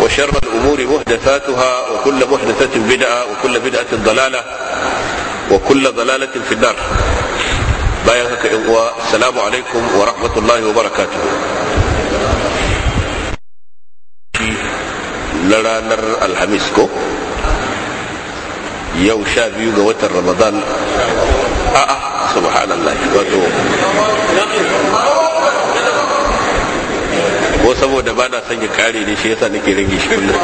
وشر الأمور محدثاتها وكل محدثة بدعة وكل بدعة ضلالة وكل ضلالة في النار بايعك والسلام عليكم ورحمة الله وبركاته لرانر الحميس كو يو شابي وتر رمضان آه, آه سبحان الله ko saboda ba na son ya kare ne shi yasa nake rage shi kullum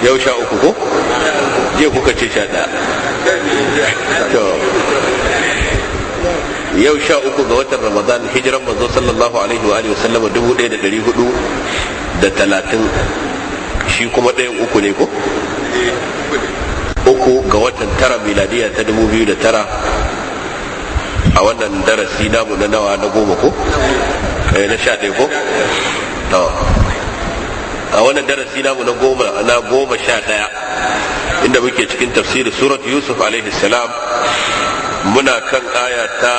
yau sha uku ko je kuka ce sha ɗaya to yau sha uku ga watan ramadan hijiran manzo sallallahu alaihi wa alihi wasallam dubu ɗaya da ɗari hudu da talatin shi kuma ɗayan uku ne ko uku ga watan tara miladiya ta dubu biyu da tara a wannan darasi namu na nawa na goma ko Eh, na sha ɗaya ko a wannan darasi namu na goma na goma sha ɗaya inda muke cikin tafsirin surat yusuf alaihi salam muna kan aya ta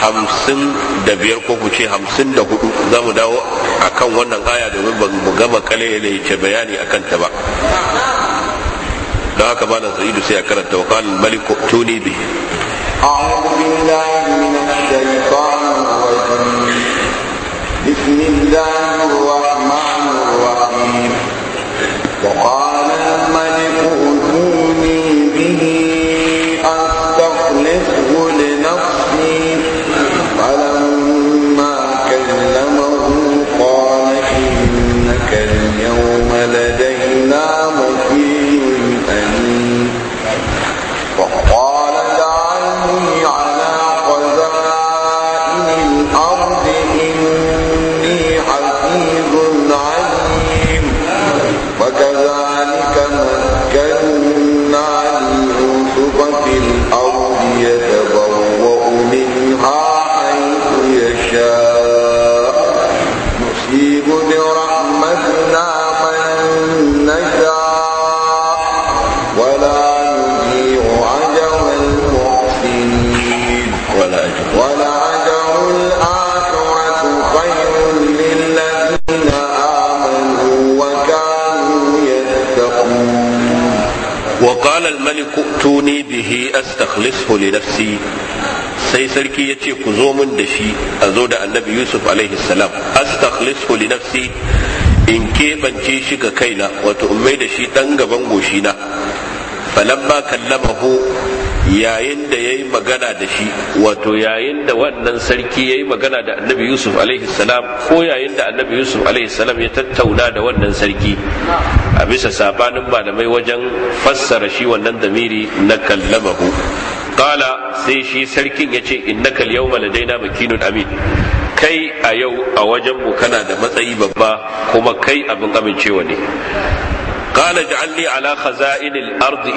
hamsin da biyar ko ku ce hamsin da hudu za mu dawo a kan wannan aya domin ban mu gama kale ne ce bayani a kanta ba don haka malam sa'idu sai a karanta wa kan malik tuni bi أعوذ بالله من الشيطان الرجيم بسم الله ne bihi astakhlisu li nafsi sai sarki ya ce ku zo min da shi a zo da annabi yusuf alaihi salam astakhlisu li nafsi in keɓance shi ga kaina wato in mai da shi ɗan gaban goshina falamma kallamahu yayin da ya yi magana da shi wato yayin da wannan sarki ya yi magana da annabi yusuf alaihi salam ko yayin da annabi yusuf alaihi salam ya tattauna da wannan sarki a bisa sabanin malamai wajen fassara shi wannan damiri na kallamahu kala sai shi sarkin ya ce innaka al-yawma ladaina makinun amin kai a yau a wajen mu kana da matsayi babba kuma kai abin amincewa ne kala اجعلني على خزائن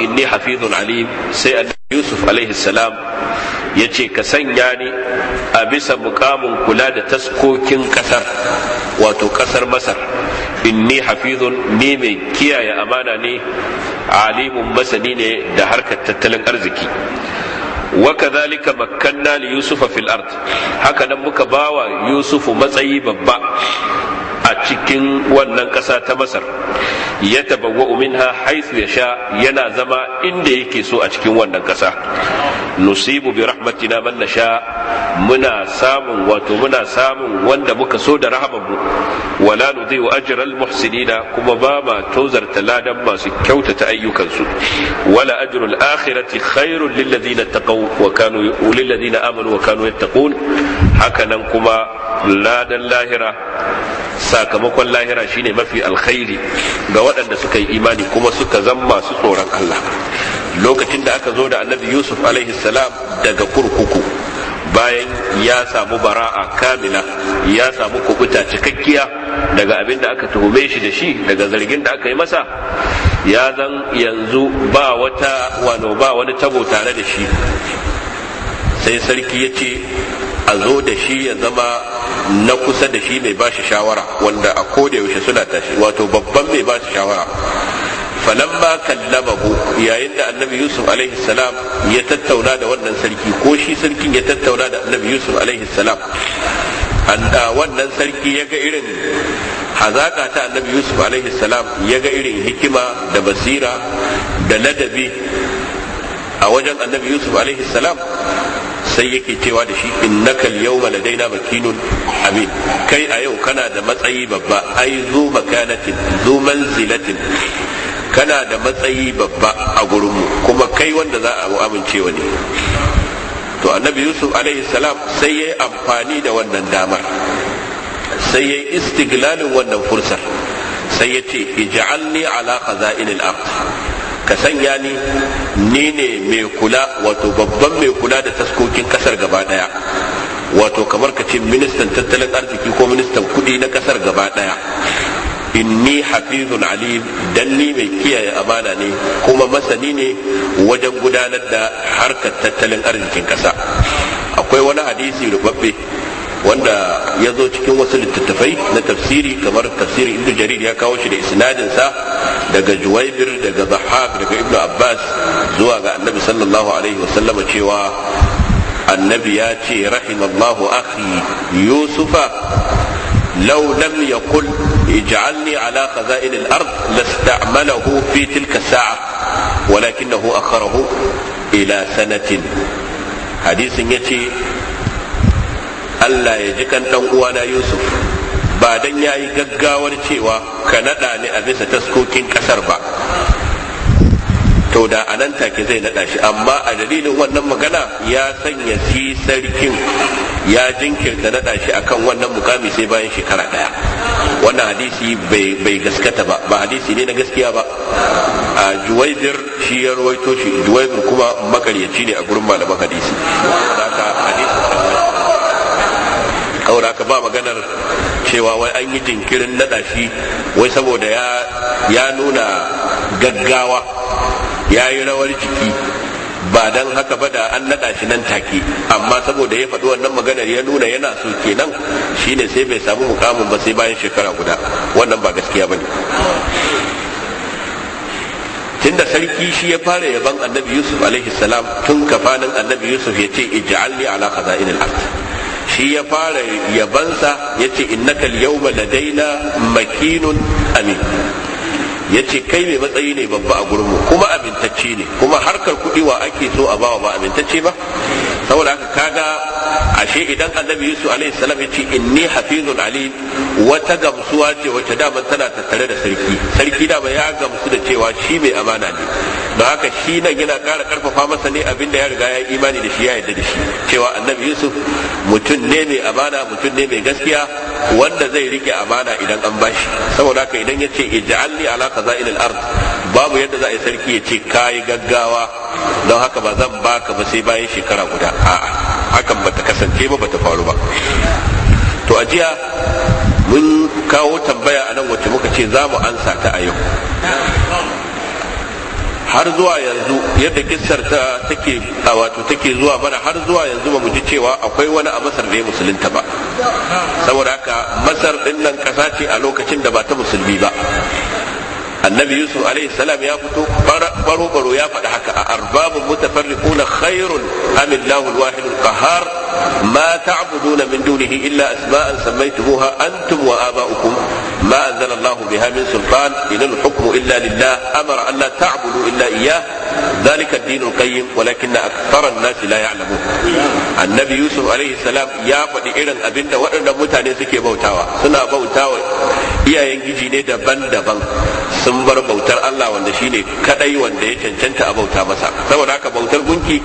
inni hafizun حفيظ sai سي يوسف عليه ya yace ka sanya ni a bisa mukamin kula da taskokin kasar wato kasar masar inni hafizun ni mai kiyaye amana ne alimun masani ne da harkar tattalin arziki وكذلك مكنا ليوسف في الأرض هكذا bawa yusufu matsayi babba. a cikin wannan ƙasa ta masar ya tabawwa minha haisu ya sha yana zama inda yake so a cikin wannan ƙasa nusibu bi rahmatina man muna samun wato muna samun wanda muka so da rahamanmu wala nudhi'u ajral muhsinina kuma ba ma tozarta ladan masu kyautata ayyukansu wala ajrul akhirati khairul lil ladina taqaw wa kanu lil ladina amanu wa kanu yattaqun hakanan kuma ladan lahira sakamakon lahira shine mafi alkhairi ga waɗanda suka yi imani kuma suka zama masu tsoron Allah lokacin da aka zo da annabi yusuf alaihi salam daga kurkuku bayan ya samu bara'a kamila ya samu kubuta cikakkiya daga abin da aka tuhume shi da shi daga zargin da aka yi masa ya zan yanzu ba wata wano ba wani tabo tare da shi sai sarki ya ce a zo da shi ya zama na kusa da shi mai bashi shawara wanda a koda yaushe suna tashi wato babban mai ba shi shawara falamma kallamahu yayin da annabi yusuf alaihi salam ya tattauna da wannan sarki ko shi sarkin ya tattauna da annabi yusuf alaihi salam wannan sarki ya ga irin hazaka ta annabi yusuf alaihi salam ya ga irin hikima da basira da ladabi a wajen annabi yusuf alaihi salam sai yake cewa da shi innaka al-yawma ladaina makinun amin kai a yau kana da matsayi babba ai zu makanatin zu manzilatin kana da matsayi babba a gurinmu kuma kai wanda za a amincewa ne to annabi yusuf alaihi salam sai ya yi amfani da wannan damar sai ya yi istiglalin wannan fursar sai ya ce ij'alni ala khaza'in al-ard ka sanya ni ni ne mai kula wato babban mai kula da taskokin kasar gaba daya wato kamar ka ce ministan tattalin arziki ko ministan kudi na kasar gaba daya inni hafizun alim dalli mai kiyaye amana ne kuma masani ne wajen gudanar da harkar tattalin arzikin kasa akwai wani hadisi rubabbe wanda ya zo cikin wasu littattafai na tafsiri kamar tafsirin inda jarir ya kawo shi da sa daga juwaibir daga wahab daga ibn abbas zuwa ga annabi sallallahu alaihi wasallama cewa annabi ya ce rahimallahu akhi yusufa law lam yaqul اجعلني على خزائن الارض لاستعمله في تلك الساعه ولكنه حديث يتي Allah ya ji kan ɗan uwana Yusuf ba dan ya yi gaggawar cewa ka naɗa ni a bisa taskokin ƙasar ba to da a nan take zai naɗa shi amma a dalilin wannan magana ya sanya shi sarkin ya jinkirta naɗa shi akan wannan mukami sai bayan shekara ɗaya wannan hadisi bai gaskata ba ba hadisi ne na gaskiya ba a juwaidir shi ya rawaito shi juwaidir kuma makaryaci ne a gurin malaman hadisi kawai haka ba maganar cewa wai an yi jinkirin naɗa shi wai saboda ya nuna gaggawa ya yi rawar jiki ba dan haka ba da an naɗa shi nan take amma saboda ya faɗi wannan maganar ya nuna yana so kenan shine sai bai samu mukamin ba sai bayan shekara guda wannan ba gaskiya ba ne tunda sarki shi ya fara yaban annabi yusuf alaihi salam tun kafanin annabi yusuf ya ce ij'alni ala khaza'in al-ard shi ya fara yabansa ya ce innaka al-yawma ladaina makinun amin ya ce kai mai matsayi ne babba a mu kuma amintacce ne kuma harkar kuɗi wa ake so a bawa ba amintacce ba saboda haka kaga ashe idan annabi yusuf alaihi salam ya ce inni hafizun ali wata gamsuwa ce wacce daman tana tattare da sarki sarki dama ya gamsu da cewa shi mai amana ne da haka shi nan yana kara karfafa masa ne abin da ya riga ya imani da shi ya yarda da shi cewa annabi yusuf mutum ne mai amana mutum ne mai gaskiya wanda zai rike amana idan an bashi saboda haka idan ya ce ij'alni ala khaza'in al-ard babu yadda za a yi sarki ya ce kayi gaggawa don haka ba zan baka ba sai bayan shekara guda a'a hakan bata kasance ba bata faru ba to a jiya mun kawo tambaya a nan wacce muka ce za mu ansa ta a yau har zuwa yanzu yadda kissar ta take wato take zuwa mana har zuwa yanzu ba mu ji cewa akwai wani a masar da ya musulunta ba saboda haka masar din nan kasa ce a lokacin da ba ta musulmi ba annabi yusuf alaihi salam ya fito baro baro ya faɗi haka a arbabun mutafarriquna khairun am illahu alwahid alqahar ma ta'buduna min dunihi illa asma'an sammaytumuha antum wa aba'ukum ما أنزل الله بها من سلطان إن الحكم إلا لله أمر أن لا تعبدوا إلا إياه ذلك الدين القيم ولكن أكثر الناس لا يعلمون النبي يوسف عليه السلام يا فدي إيران أبنت وأنا متعني سكي بوتاوا سنا بوتاوا إيا ينجي نيدا بند بند sun bar bautar Allah wanda shine kadai wanda ya cancanta a bauta masa saboda haka bautar gunki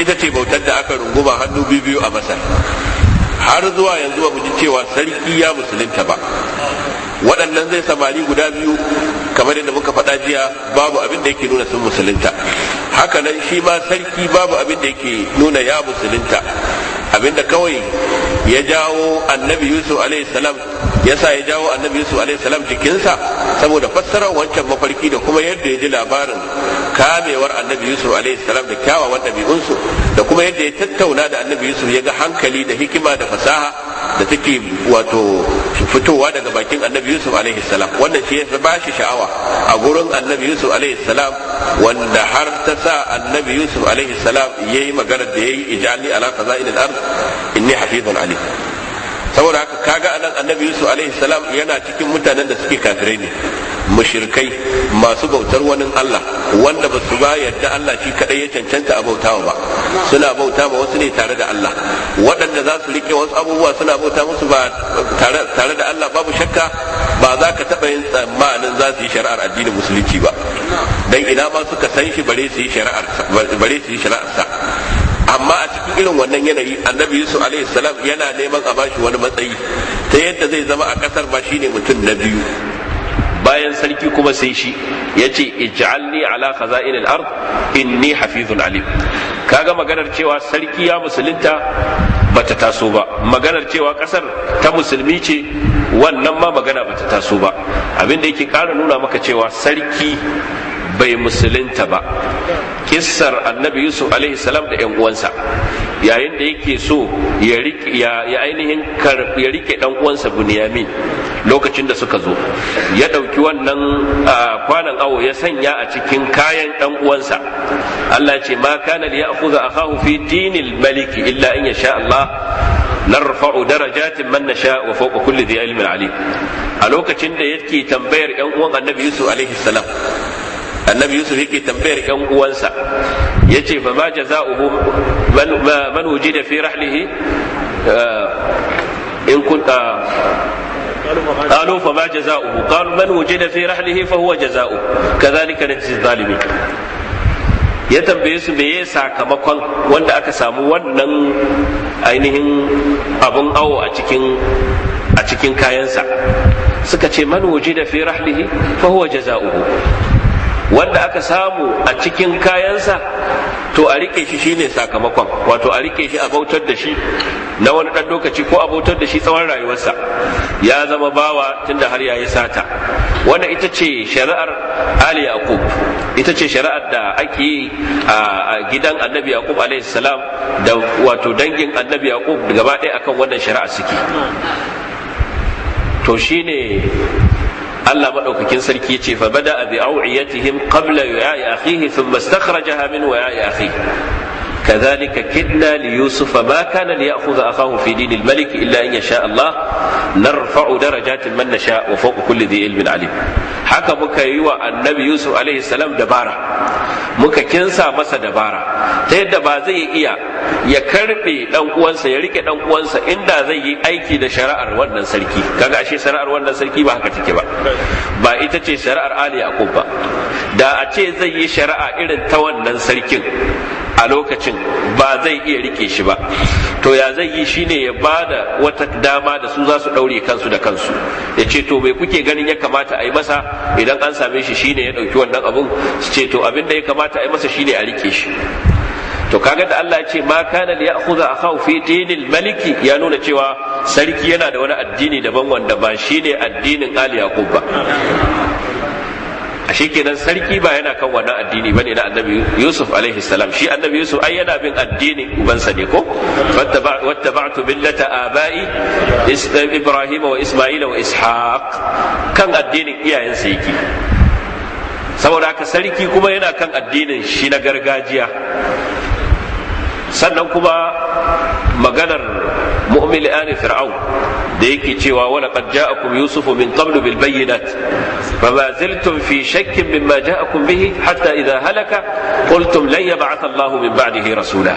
ita ce bautar da aka runguma hannu biyu a masar har zuwa yanzu ba mu ji cewa sarki ya musulunta ba waɗannan zai samari guda biyu kamar yadda muka faɗa jiya babu abin da yake nuna sun musulunta haka nan shi ma sarki babu abin da yake nuna ya musulunta abinda kawai ya jawo annabi yusuf salam ya sa ya jawo annabi yusuf salam jikinsa saboda fassarar wancan mafarki da kuma yadda ya ji labarin kamewar annabi yusuf salam da kyawawan ɗabi'unsu da kuma yadda ya tattauna da annabi yusuf ya ga hankali da hikima da fasaha da take wato fitowa daga bakin annabi yusuf alaihi salam wannan shi ya ba shi sha'awa a gurin annabi yusuf alaihi salam wanda har ta sa annabi yusuf alaihi salam yayi magana da yayi ijali ala khaza'in al-ard inni hafizun alim saboda haka kaga anan annabi yusuf alaihi salam yana cikin mutanen da suke kafirai ne mushirkai masu bautar wani Allah wanda ba su ba yadda Allah shi kadai ya cancanta a bautawa ba suna bauta ma wasu ne tare da Allah waɗanda za su rike wasu abubuwa suna bauta musu ba tare da Allah babu shakka ba za ka taɓa yin tsammanin za su yi shari'ar addinin musulunci ba dan ina ma suka san shi bare su yi shari'ar bare su yi shari'ar sa amma a cikin irin wannan yanayi annabi yusuf alaihi salam yana neman a bashi wani matsayi ta yadda zai zama a kasar ba shine mutum na biyu bayan sarki kuma sai shi ya ce ij'alni ala khaza'in al-ard inni hafizun alim kaga maganar cewa sarki ya musulunta bata taso ba maganar cewa kasar ta musulmi ce wannan ma magana bata taso ba abinda yake kara nuna maka cewa sarki bai musulunta ba kissar annabi yusuf alaihi salam da yan uwansa yayin da yake so ya ainihin ya rike dan uwansa bunyamin lokacin da suka zo ya ɗauki wannan kwanan awo ya sanya a cikin kayan ɗan uwansa Allah ce ma kana li ya'khudha akahu fi dinil maliki illa in yasha Allah narfa'u darajatin man nasha wa fawqa kulli dhi ilmin alim a lokacin da yake tambayar ƴan uwan Annabi Yusuf alaihi salam annabi yusuf yake tambayar yan uwansa ya ce fa ma jaza'uhu man wujida fi rahlihi in kunta قالوا فما جزاؤه قالوا من وجد في رحله فهو جزاؤه كذلك نجزي الظالمين ya tambaye su meye sakamakon wanda aka samu wannan ainihin abun awo a cikin a cikin kayansa suka ce man wujida fi rahlihi fa huwa jazaohu wanda aka samu a cikin kayansa to a rike shi shine sakamakon wato a rike shi a bautar da shi na wani ɗan lokaci ko a bautar da shi tsawon rayuwarsa ya zama bawa tunda har yayi sata wannan ita ce shari'ar ali yaqub ita ce shari'ar da ake yi a gidan annabi yaqub alaihi salam da wato dangin annabi yaqub gaba ɗaya akan wannan shari'a suke to shine Allah madaukakin sarki yace fa bada bi awiyatihim qabla yu'i akhihi thumma istakhrajaha min wa'i akhihi كذلك كدنا ليوسف ما كان ليأخذ أخاه في دين الملك إلا أن يشاء الله نرفع درجات من نشاء وفوق كل ذي علم عليم haka muka yi wa annabi yusuf alaihi salam dabara muka kinsa masa dabara ta yadda ba zai iya ya karbe dan uwansa ya rike dan uwansa inda zai yi aiki da shari'ar wannan sarki kaga ashe shari'ar wannan sarki ba haka take ba ba ita ce shari'ar ali yaqub ba da a ce zai yi shari'a irin ta wannan sarkin a lokacin ba zai iya rike shi ba to ya zai yi shine ya ba da wata dama da su za su daure kansu da kansu ya ce to bai kuke ganin ya kamata a yi masa idan an same shi shine ya ɗauki wannan abun su ce to abin da ya kamata a yi masa shine a rike shi to kaga da Allah ya ce ma kana li ya'khudha akhahu fi dinil maliki ya nuna cewa sarki yana da wani addini daban wanda ba shine addinin Ali Yaqub ba a kenan sarki ba yana kan wannan addini bane na annabi yusuf alaihi salam shi annabi yusuf ai yana bin addini ubansa ne ko wattaba'tu billata aba'i ibrahim wa isma'il wa ishaq kan addinin iyayensa yake saboda haka sarki kuma yana kan addinin shi na gargajiya sannan kuma maganar mu'min fir'aun da yake cewa wala qad ja'akum yusufu min qablu bil bayyinat fama zaltum fi shakkin mimma ja'akum bihi hatta idha halaka qultum lan yab'ath Allah min ba'dihi rasula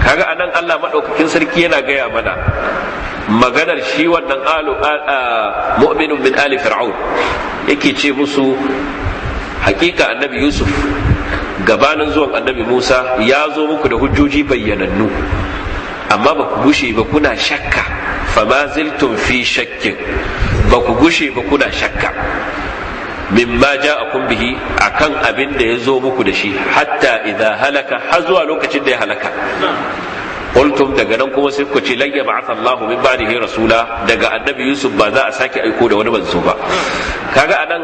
kaga anan Allah madaukakin sarki yana gaya mana maganar shi wannan alu mu'minun min ali fir'aun yake ce musu hakika annabi yusuf gabanin zuwan annabi musa ya zo muku da hujjoji bayyanannu amma ba ku bushe ba kuna shakka fa ma fi shakkin ba ku gushe ba kuna shakka mimma ja'akum bihi kan abin da ya zo muku da shi hatta idza halaka har zuwa lokacin da ya halaka qultum daga nan kuma sai ku ce lan min Allahu min ba'dihi rasula daga annabi Yusuf ba za a sake aiko da wani manzo ba kaga anan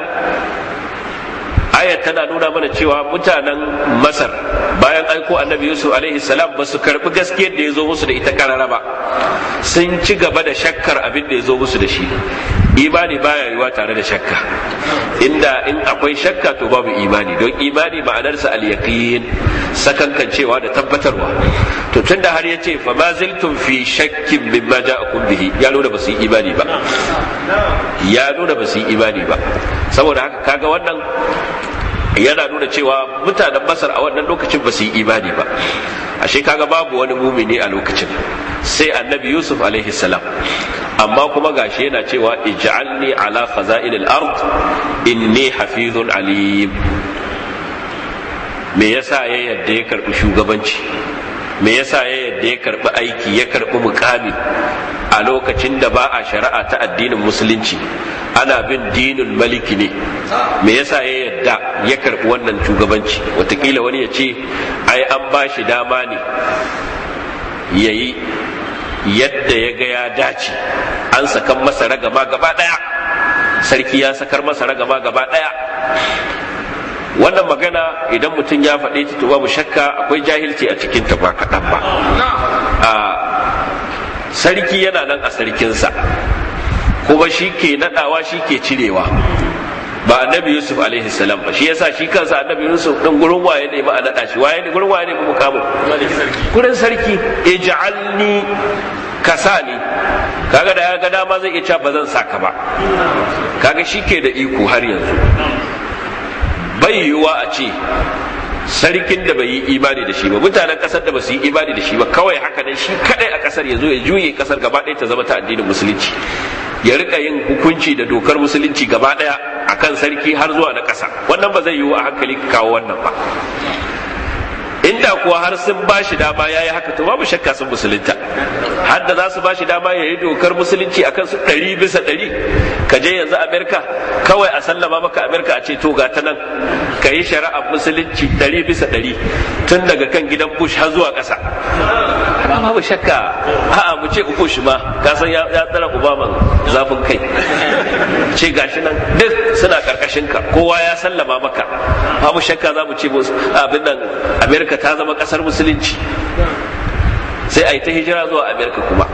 ayat tana nuna mana cewa mutanen masar bayan aiko annabi yusuf alaihi salam ba su karbi gaskiyar da ya zo musu da ita karara ba sun ci gaba da shakkar abin da ya zo musu da shi imani baya yiwa tare da shakka inda in akwai shakka to babu imani don imani ma'anarsa al-yaqin sakankancewa da tabbatarwa to tunda har yace fa ma ziltum fi shakkin mimma ja'akum bihi ya nuna ba su yi imani ba ya nuna ba su yi imani ba saboda haka kaga wannan yana nuna cewa mutanen masar a wannan lokacin ba su yi imani ba ashe kaga babu wani mumini a lokacin sai annabi yusuf alaihi salam amma kuma gashi yana cewa ij'alni ala khaza'inil ard inni hafizun alim me yasa ya yadda ya karbi shugabanci me yasa ya yadda ya karbi aiki ya karbi mukami a lokacin da ba a shari'a ta addinin musulunci ana bin dinin maliki ne me yasa ya yadda ya karbi wannan shugabanci watakila wani ya ce ai an ba shi dama ne yayi yadda ya ga ya dace an sakan masa ragama gaba daya sarki ya sakar masa ragama gaba daya wannan magana idan mutum ya faɗi ta to mu shakka akwai jahilci a cikin ta ba kaɗan ba sarki yana nan a sarkinsa kuma shi ke naɗawa shi ke cirewa ba annabi yusuf alaihi salam ba shi yasa shi kansa annabi yusuf din gurin waye ne ba a nada shi waye ne gurin waye ne ba mukamin gurin sarki ij'alni kasani kaga da ya ga dama zai iya cewa ba zan saka ba kaga shi ke da iko har yanzu bai yiwuwa a ce sarkin da bai yi imani da shi ba mutanen kasar da ba su yi imani da shi ba kawai haka ne shi kadai a kasar ya zo ya juye kasar gaba ɗaya ta zama ta addinin musulunci ya rika yin hukunci da dokar musulunci gaba daya akan sarki har zuwa na ƙasa wannan ba zai yiwu a hankali kawo wannan ba inda kuwa har sun ba shi dama ya yi haka to babu shakka sun musulunta hadda za su ba shi dama ya yi dokar musulunci a kansu ɗari bisa ɗari ka je yanzu amerika kawai a sallama maka amerika a ce to ga ta nan ka yi shari'ar musulunci ɗari bisa ɗari tun daga kan gidan bush har zuwa ƙasa babu shakka a'a mu ce uku shi ma ka san ya tsara obama zafin kai ce gashi nan duk suna karkashin ka kowa ya sallama maka babu shakka za mu ce abin nan amerika amerika ta zama kasar musulunci sai a yi ta hijira zuwa amerika kuma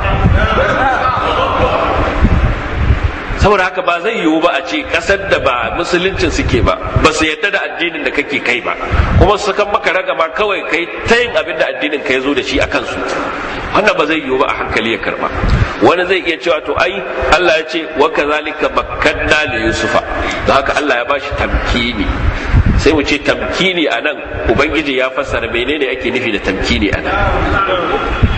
saboda haka ba zai yiwu ba a ce kasar da ba musuluncin suke ba ba su yadda da addinin da kake kai ba kuma su kan maka ragama kawai kai ta yin abin da addinin ka ya zo da shi a kansu wannan ba zai yiwu ba a hankali ya karba wani zai iya cewa to ai Allah ya ce wa kazalika makkanna li yusufa don haka Allah ya bashi tamkini sai mu ce tamkini a nan ubangiji ya fassara menene ake nufi da tamkini a nan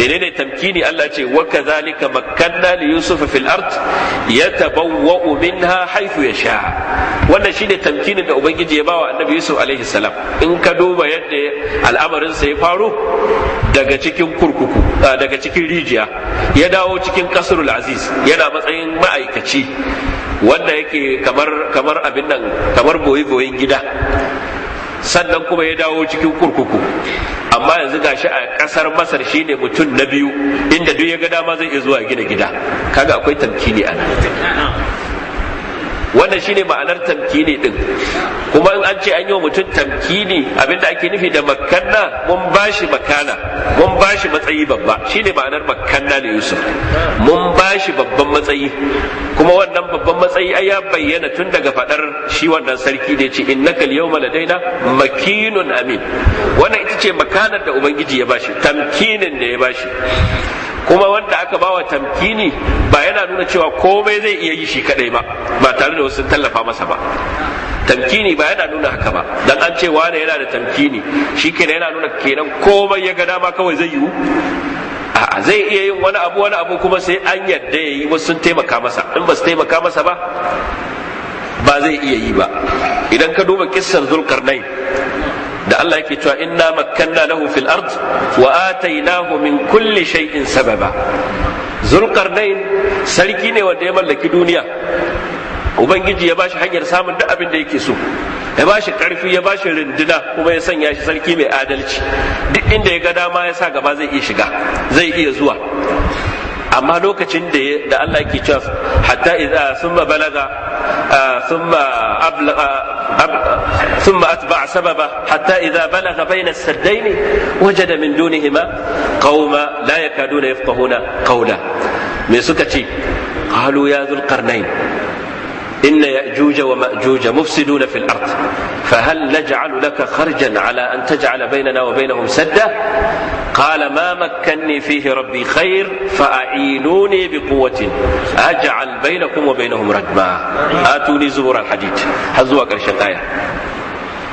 menene tamkini Allah ce wa kadhalika makkanna li yusufa fil ard yatabawwa minha haythu yasha wannan shine tamkinin da ubangiji ya bawa annabi yusuf alaihi salam in ka duba yadda al'amarin sa ya faru daga cikin kurkuku daga cikin rijiya ya dawo cikin kasrul aziz yana matsayin ma'aikaci wanda yake kamar kamar abin nan kamar boye-boyen gida sannan kuma ya dawo cikin kurkuku amma yanzu gashi a kasar masar shine mutum na biyu inda duk ya ga dama zai iya zuwa gina gida kaga akwai tamkini a nan. wannan shine ma'anar tamkini din kuma in an ce an yi wa mutum tamkini abinda ake nufi da makanna mun bashi makana mun bashi matsayi babba shine ma'anar makanna da Yusuf mun bashi babban matsayi kuma wannan babban matsayi ai ya bayyana tun daga fadar shi wannan sarki da yace innaka al-yawma ladaina makinun amin wannan ita ce makanar da ubangiji ya bashi tamkinin da ya bashi kuma wanda aka bawa tamkini ba yana nuna cewa komai zai iya yi shi kadai ba ba tare da wasu tallafa masa ba tamkini ba yana nuna haka ba dan an ce wane yana da tamkini shi kenan yana nuna kenan komai ya ga dama kawai zai yiwu a'a zai iya yin wani abu wani abu kuma sai an yadda ya yi wasu sun taimaka masa in ba su taimaka masa ba ba zai iya yi ba idan ka duba kissar zulkarnain da Allah yake cewa inna makkanna lahu fil ard wa atainahu min kulli shay'in sababa zulqarnain sarki ne wanda ya mallaki duniya ubangiji ya bashi hanyar samun duk abin da yake so ya bashi karfi ya bashi rinduna kuma ya sanya shi sarki mai adalci duk inda ya ga dama ya sa gaba zai iya shiga zai iya zuwa amma lokacin da da Allah yake cewa hatta idza summa balaga summa ثم أتبع سببه حتى إذا بلغ بين السدين وجد من دونهما قوما لا يكادون يفقهون قولا من سكتي قالوا يا ذو القرنين إن يأجوج ومأجوج مفسدون في الأرض فهل نجعل لك خرجا على أن تجعل بيننا وبينهم سدة قال ما مكني فيه ربي خير فأعينوني بقوة أجعل بينكم وبينهم ردما آتوني زبور الحديد هزوا قرشن آية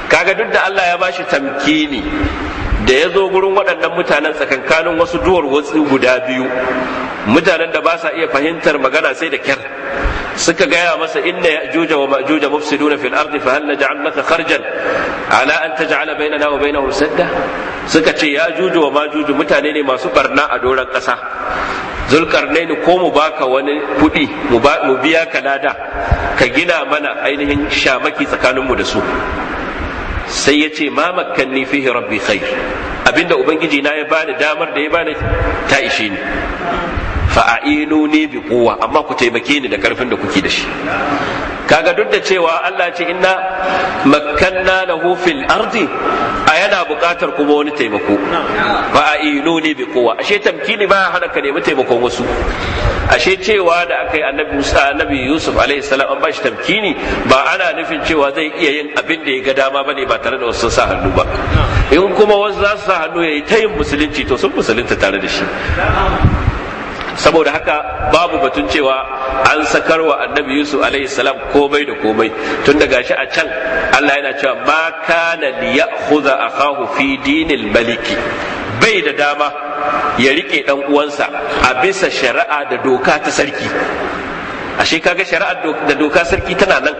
kaga duk da Allah ya bashi tamkini da ya zo gurin waɗannan mutanen tsakankanin wasu duwar watsi guda biyu mutanen da ba sa iya fahimtar magana sai da kyar suka gaya masa inna ya'juj wa ma'juj mufsiduna fil ardi fa hal naj'al laka kharjan ala an taj'ala bainana wa bainahum sadda suka ce ya'juj wa majuju mutane ne masu barna a doran kasa zulkarnaini ko mu baka wani kuɗi mu biya ka lada ka gina mana ainihin shamaki tsakaninmu da su sai ya ce ma makkanni fihi rabbi khair abinda ubangiji na ya bani damar da ya bani ta ishe ni fa'inu ne bi kowa amma ku taimake ni da karfin da kuke da shi kaga duk da cewa Allah ce inna makkanna lahu fil ardi a yana buƙatar kuma wani taimako a fa'inu ne bi kowa ashe tamkini ba hana ka nemi taimakon wasu ashe cewa da aka yi annabi Musa annabi Yusuf alaihi salam an bashi tamkini ba ana nufin cewa zai iya yin abin da ya ga dama bane ba tare da wasu sa hannu ba in kuma wasu za su sa hannu yayi ta yin musulunci to sun musulunta tare da shi saboda haka babu batun cewa an sakarwa annabi yusuf alaihi salam komai da komai tun daga shi a can allah yana cewa ma kana li ya'khudha akahu fi dinil maliki bai da dama ya rike dan uwansa a bisa shari'a da doka ta sarki ashe kaga shari'a da doka sarki tana nan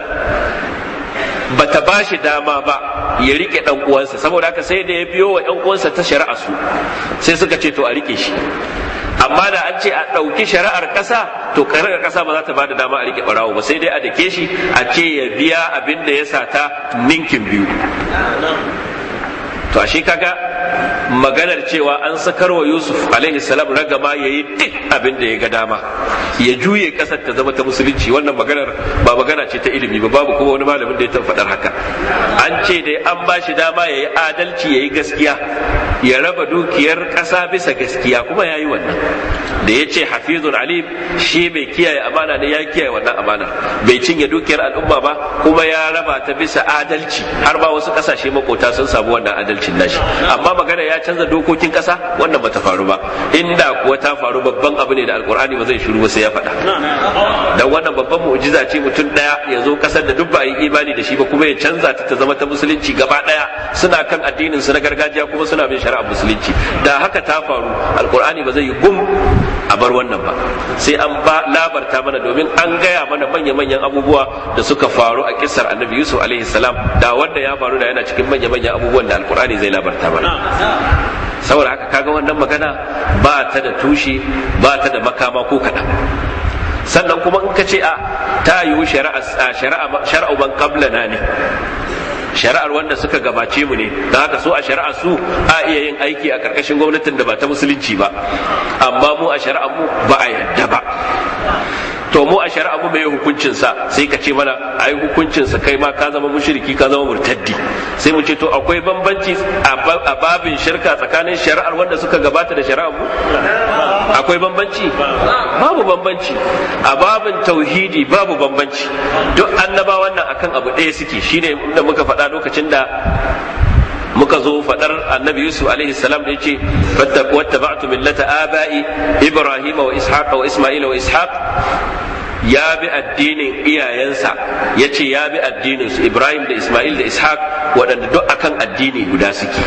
bata ba shi dama ba ya rike dan uwansa saboda haka sai da ya biyo wa yan uwansa ta shari'a su sai suka ce to a rike shi amma da an ce a ɗauki shari'ar ƙasa to karar ƙasa ba za ta bada dama a rike barawo ba sai dai a dake shi a ce ya biya abin da ya sata ninkin biyu to ashe kaga maganar cewa an sakar wa yusuf alaihi salam ragama ya yi duk abin da ya ga dama ya juye kasar ta zama ta musulunci wannan maganar ba magana ce ta ilimi ba babu kuma wani malamin da ya faɗar haka an ce da an ba shi dama ya yi adalci ya yi gaskiya ya raba dukiyar ƙasa bisa gaskiya kuma ya yi wannan da ya ce hafizun alim shi mai kiyaye amana ne ya kiyaye wannan amana bai cinye dukiyar al'umma ba kuma ya raba ta bisa adalci har ba wasu ƙasashe makota sun samu wannan adalcin nashi amma magana ya a canza dokokin kasa wannan bata faru ba inda kuwa ta faru babban abu ne da alkur'ani ba zai shiru ba sai ya faɗa da wannan babban mu'jiza ce mutum daya ya zo kasar da duk ba yi imani da shi ba kuma ya canza ta ta zama ta musulunci gaba daya suna kan addinin su na gargajiya kuma suna bin shari'ar musulunci da haka ta faru alkur'ani ba zai yi gum a bar wannan ba sai an ba labarta mana domin an gaya mana manya-manyan abubuwa da suka faru a kisar annabi yusuf alaihi salam da wanda ya faru da yana cikin manya-manyan abubuwan da alkur'ani zai labarta mana saboda haka kaga wannan magana ba ta da tushe ba ta da makama ko kaɗan sannan kuma in ka ce a ta yiwu shari'a ban kablana ne shari'ar wanda suka gabace mu ne don haka so a shari'ar su a iya yin aiki a karkashin gwamnatin da ba ta musulunci ba amma mu a shari'ar mu ba a yadda ba to mu a shari'a mu mai hukuncin sa sai ka ce mana ai hukuncin sa kai ma ka zama mushriki ka zama murtaddi sai mu ce to akwai bambanci a babin shirka tsakanin shari'ar wanda suka gabata da shari'a mu akwai bambanci babu bambanci a babin tauhidi babu bambanci duk annaba wannan akan abu ɗaya suke shine da muka faɗa lokacin da muka zo fadar annabi yusuf alaihi salam da yace wattaba'tu millata aba'i ibrahima wa ishaqa wa isma'ila wa ishaq ya bi addinin iyayensa ya ce ya bi addinin su ibrahim da isma'il da ishaq waɗanda duk akan addini guda suke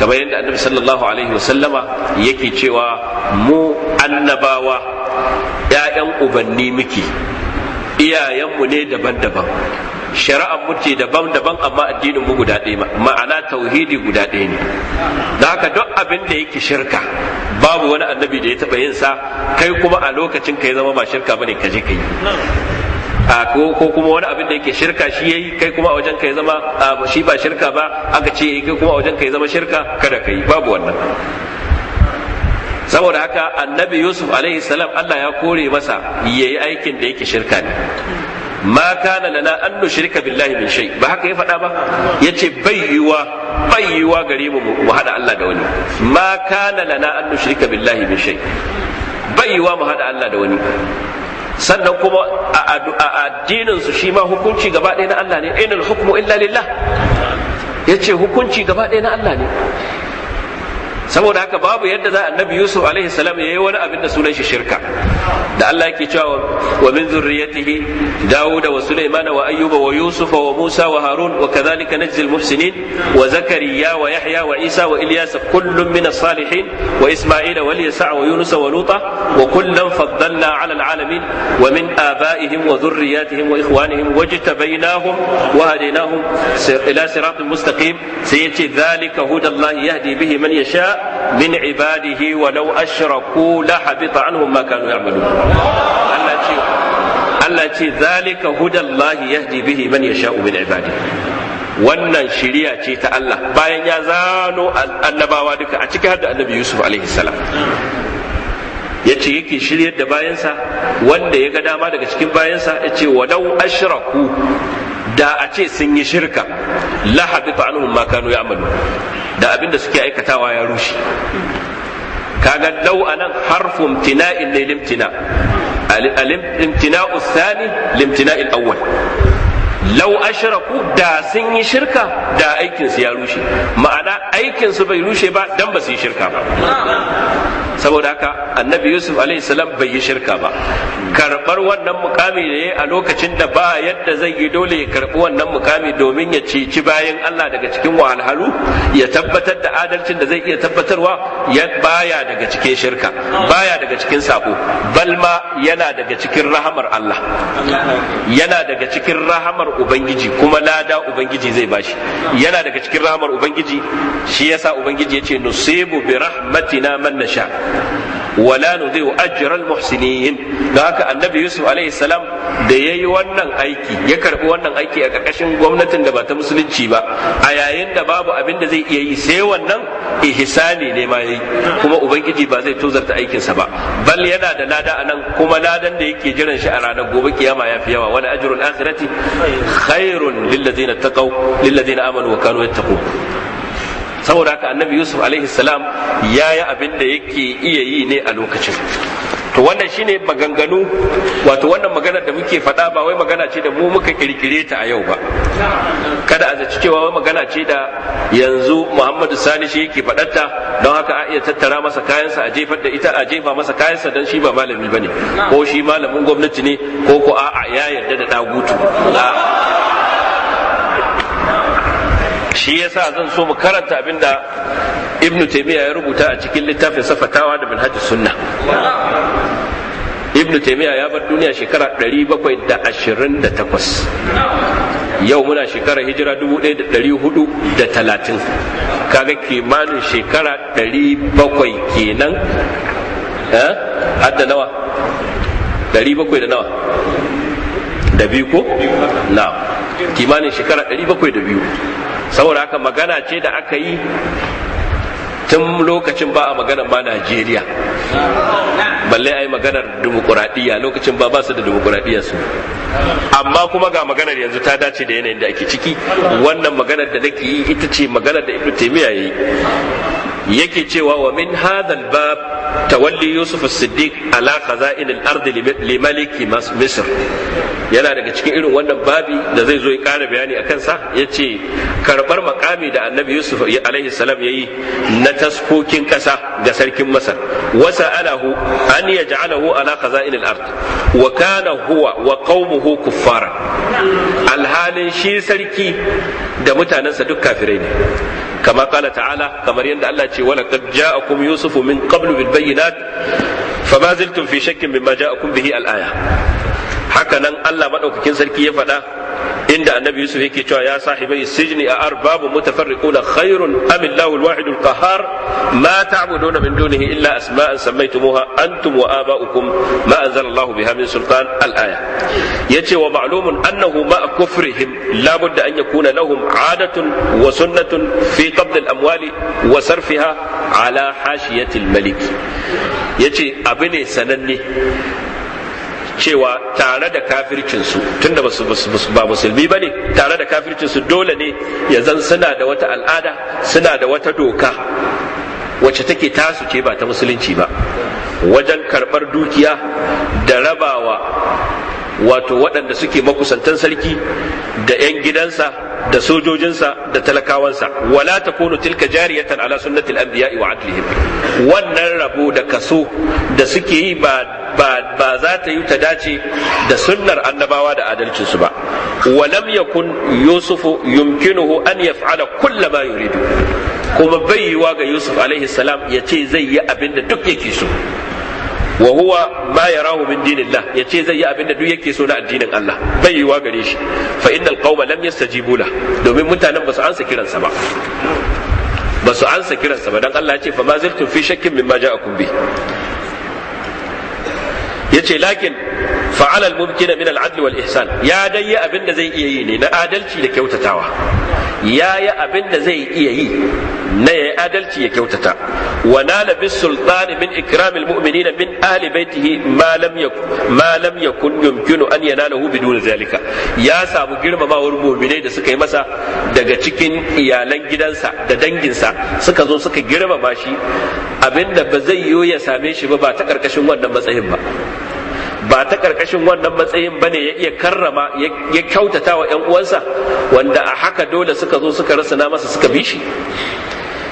kamar yadda annabi sallallahu alaihi wasallama yake cewa mu annabawa ‘ya'yan ubanni muke iyayenmu ne daban-daban shari'ar mu daban-daban amma addinin mu guda ɗaya ma'ana tauhidi guda ɗaya ne da haka duk abin da yake shirka babu wani annabi da ya taɓa yin sa kai kuma a lokacin ka ya zama ba shirka bane ka je ka yi a ko kuma wani abin da yake shirka shi yayi kai kuma a wajen ka ya zama shi ba shirka ba aka ce kai kuma a wajen ka ya zama shirka kada ka yi babu wannan saboda haka annabi yusuf alaihi salam allah ya kore masa yayi aikin da yake shirka ne ma kana lana an nushrika billahi min shay ba haka ya faɗa ba yace bayyuwa bayyuwa gare mu mu hada Allah da wani ma kana lana an nushrika billahi min shay bayyuwa mu hada Allah da wani sannan kuma a addinin su shi ma hukunci gaba ɗaya na Allah ne ainul hukmu illa lillah yace hukunci gaba ɗaya na Allah ne saboda haka babu yadda za annabi yusuf alaihi salam yayi wani abin da sunan shi shirka da Allah yake cewa wa min zurriyatihi dauda wa sulaiman wa ayyuba wa yusufa wa musa wa harun wa kadhalika najzil muhsinin wa zakariya wa yahya wa isa wa ilyas kullun min as-salihin wa isma'ila wa yasa wa yunus wa luta wa kullan faddalna ala al-alamin wa min abaihim wa dhurriyyatihim wa ikhwanihim wajtabainahum wa hadainahum ila siratin mustaqim sai ce dhalika hudallahi yahdi bihi man yasha min ibadihi walau ashraku la habita anhum ma kanu ya'malun Allah ce Allah ce zalika hudallahi yahdi bihi man yasha'u min ibadihi wannan shiriya ce ta Allah bayan ya zano annabawa duka a cikin hadda annabi Yusuf alaihi salam ya ce yake shiryar da bayansa wanda ya ga dama daga cikin bayansa ya ce wadau ashraku da a ce sun yi shirka la habita anhum ma kanu ya'malun da abin da suke aikatawa ya rushe kaga lau anan harfu imtina'in ne limtina al-imtina'u thani limtina'il awwal lau ashraku da sun yi shirka da aikinsu ya rushe ma'ana aikinsu bai rushe ba dan ba su yi shirka ba saboda haka annabi yusuf salam bai yi shirka ba karɓar wannan mukami da ya a lokacin da ba yadda zai yi dole ya karɓi wannan mukami domin ya cici bayan allah daga cikin wahalhalu ya tabbatar da adalcin da zai iya tabbatarwa ya baya daga cikin shirka baya daga cikin sako balma yana daga cikin rahamar allah yana daga cikin rahamar ubangiji kuma lada ubangiji zai bashi yana daga cikin rahamar ubangiji shi yasa ubangiji ya ce nusibu bi rahmatina man nasha ولا nudhi'u اجر المحسنين don haka annabi yusuf السلام da yayi wannan aiki ya karbi wannan aiki a karkashin gwamnatin da ba ta musulunci ba a yayin da babu abin da zai iya yi sai wannan ihsani ne ma yayi kuma ubangiji ba zai tozarta aikinsa ba bal yana da lada anan kuma ladan da yake jiran shi a ranar gobe kiyama yafi yawa wani ajrul akhirati khairun lil ladzina taqaw lil amanu wa kanu yattaqun saboda haka annabi yusuf alaihi salam ya yi abin da yake iya yi ne a lokacin to wannan shine maganganu wato wannan magana da muke faɗa ba wai magana ce da mu muka kirkire ta a yau ba kada a zaci cewa wai magana ce da yanzu muhammadu sani shi yake faɗarta don haka a iya tattara masa kayansa a jefar da ita a jefa masa kayansa don shi ba malami bane ko shi malamin gwamnati ne ko ko a'a ya yarda da ɗagutu shi yasa zan so mu karanta abinda ibnu taymiya ya rubuta a cikin littafin safatawa da Manhaji sunna ibnu taymiya ya bar duniya shekara 728 yau muna shekara hijira 1430 kaga kimanin shekara 700 kenan eh adda nawa 700 da nawa da biyu ko? na kimanin shekara 702 saboda haka magana ce da aka yi tun lokacin ba a maganar ma najeriya balle a yi maganar dimokuraɗiyya lokacin ba ba su da dimokuraɗiyya su amma kuma ga maganar yanzu ta dace da yanayin da ake ciki wannan maganar da nake yi ita ce maganar da ibnu taymiya yi yake cewa wa min hadal bab tawalli yusuf siddiq ala khaza'in al-ard li maliki misr yana daga cikin irin wannan babi da zai zo ya kara bayani akan sa yace karbar makami da annabi yusuf alaihi salam yayi na taskokin ƙasa ga sarkin masar wasa alahu an yaj'alahu ala khaza'in al-ard wa kana huwa wa qaumuhu kuffara alhalin shi sarki da mutanensa duk kafirai ne kama kala ta'ala kamar yadda Allah ce wala a ja'akum yusufu min qablu bil bayyinat fama zaltum fi shakkin mimma ja'akum bihi al'aya aya haka nan Allah madaukakin sarki ya faɗa inda annabi yusuf yake cewa ya sahibai sijni a arbabu mutafarriquna khairun am illahu alwahid alqahar ma ta'buduna min dunihi illa asma'an sammaytumuha antum wa aba'ukum ma anzala Allah biha min sultan alaya yace wa ma'lumun annahu ma kufrihim la budda an yakuna lahum adatun wa sunnatun fi qabd al-amwali wa sarfiha ala hashiyati al-malik yace abu ne sananne cewa tare da kafircinsu tunda basu ba musulmi bane tare da kafircinsu dole ne ya zan suna da wata al'ada suna da wata doka wacce take tasu ce ba ta musulunci ba wajen karɓar dukiya da rabawa wato waɗanda suke makusantan sarki da 'yan gidansa da sojojinsa da talakawansa wala takunu tilka jariyatan ala sunnatil anbiya'i wa adlihim wannan rabo da kaso da suke yi ba ba ba za ta yi ta dace da sunnar annabawa da adalcinsu ba walam yakun yusufu yumkinuhu an yaf'ala kull ma yuridu kuma bai yiwa ga yusuf alaihi salam ya ce zai yi abinda duk yake so wa huwa ma yarahu min dinillah ce zai yi abinda duk yake so na addinin Allah bai yiwa gare shi fa innal qauma lam yastajibu la domin mutanen ba su ansa kiransa ba ba su ansa kiransa ba dan Allah ce fa ma zaltum fi shakkin mimma ja'akum bi yace lakin fa'ala al-mumkin min al-adl wal ihsan ya dai da zai iya yi ne na adalci da kyautatawa ya yi abin da zai iya yi na ya adalci ya kyautata wa nala bis sultani min ikramil mu'minina min ahli baitihi ma lam yakun ma lam yakun yumkinu an zalika ya samu girmamawar mu'minai da suka yi masa daga cikin iyalan gidansa da danginsa suka zo suka girmama shi abinda ba zai yiwu ya same shi ba ba ta karkashin wannan matsayin ba ba ta ƙarƙashin wannan matsayin bane ya iya karrama ya kyautata wa 'yan uwansa wanda a haka dole suka zo suka rasana masa suka bi shi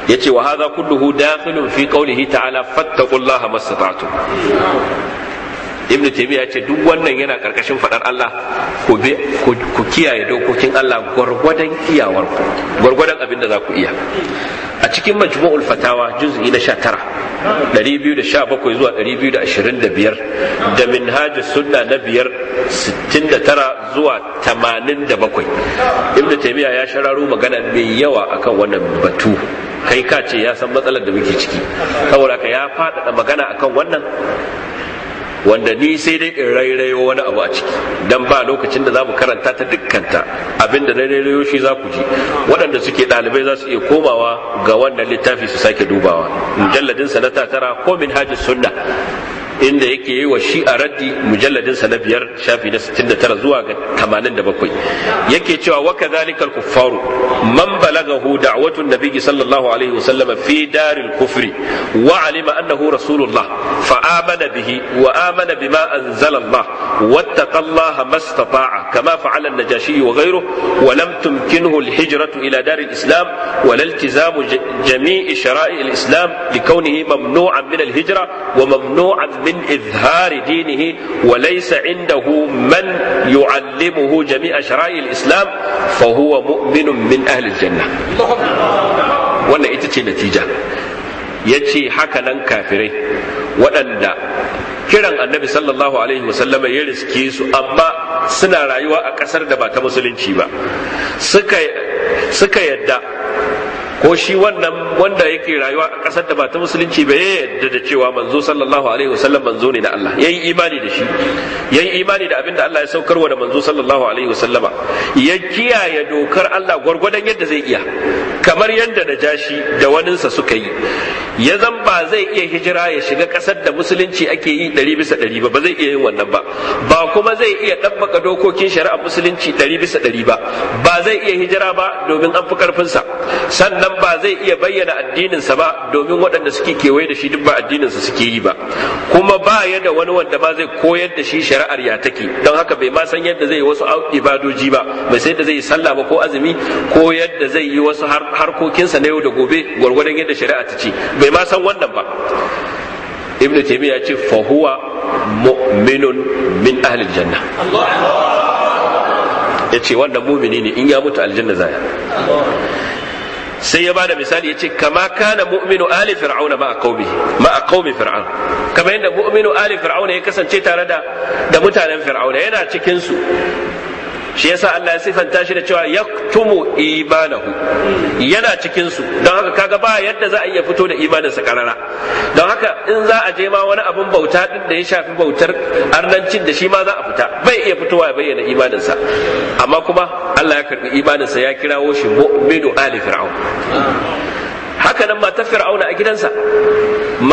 ya ce wa haza kulluhu dakhilun fi qawlihi ta'ala fattaqullaha mastata'tum ibn taymiya ce duk wannan yana ƙarƙashin fadar Allah ku bi ku kiyaye dokokin Allah gwargwadon ku abin da za ku iya a cikin majmu'ul fatawa juz'i na 19 217 zuwa 225 da minhajus sunna na biyar 69 zuwa 87 ibnu taymiya ya shararu magana mai yawa akan wannan batu kai ka ce ya san matsalar da muke ciki saboda ka ya faɗaɗa magana akan wannan wanda ni sai dai in rairayo wani abu a ciki dan ba lokacin da za mu karanta ta dukkanta abinda na rairayo shi za ku ji waɗanda suke ɗalibai za su iya komawa ga wannan littafi su sake dubawa mujalladin sa na takara ko min hajji sunna inda yake yi wa shi a raddi mujalladin sa na biyar shafi na tara zuwa ga 87 yake cewa wa kadhalika kuffaru man balaga hu an-nabi sallallahu alaihi wasallam fi daril kufri wa alima annahu rasulullah fa amana bihi wa amana bima anzala Allah wattaqa Allah mastata'a kama fa'ala an-najashi wa ghayruhu wa lam tumkinhu al-hijratu ila dar al-islam wa التزام جميع شرائع الاسلام لكونه ممنوعا من الهجره وممنوعا من min izhari dinihi wa laysa indahu man yu'allimuhu jami'a shara'il islam fa huwa mu'minun min ahli janna wannan ita ce natija ce haka nan kafirai waɗanda kiran annabi sallallahu alaihi wasallama ya riske su amma suna rayuwa a ƙasar da ba ta musulunci ba suka yadda ko shi wannan wanda yake rayuwa a ƙasar da ba ta musulunci ba yadda da cewa manzo sallallahu alaihi wasallam manzo ne na Allah yayi imani da shi yayi imani da abin da Allah ya saukarwa da manzo sallallahu alaihi wasallama ya kiyaye dokar Allah gwargwadon yadda zai iya kamar yadda najashi da waninsa suka yi ya zan ba zai iya hijira ya shiga ƙasar da musulunci ake yi ɗari bisa ɗari ba zai iya yin wannan ba ba kuma zai iya ɗabbaka dokokin shari'a musulunci ɗari bisa ɗari ba ba zai iya hijira ba domin an fi ƙarfinsa sannan ba zai iya bayyana addininsa ba domin waɗanda suke kewaye da shi duk ba addininsa suke yi ba kuma ba ya da wani wanda ba zai koyar da shi shari'ar ya take don haka bai ma san yadda zai yi wasu ibadoji ba bai sai da zai yi sallah ba ko azumi ko yadda zai yi wasu harkokinsa na yau da gobe gwargwadon yadda shari'a ta ce bai ma san wannan ba ibn taymiya ya ce fa huwa mu'minun min ahli aljanna ya ce wannan mumini ne in ya mutu aljanna zaya sai ya ba da misali ya ce kama kana mu'minu ali fir'auna ma qaumi ma qaumi fir'aun kamar yanda mu'minu ali fir'auna ya kasance tare da da mutanen fir'auna yana cikin su shi yasa Allah ya sifanta shi da cewa yaktumu imanahu yana cikin su don haka kaga ba yadda za a iya fito da imanin sa karara don haka in za a je ma wani abin bauta din da ya shafi bautar arnancin da shi ma za a fita bai iya fitowa ya bayyana imanin sa amma kuma Allah ya karɓi imanin sa ya kirawo shi mu'minu ali fir'aun haka nan matar fir'auna a gidansa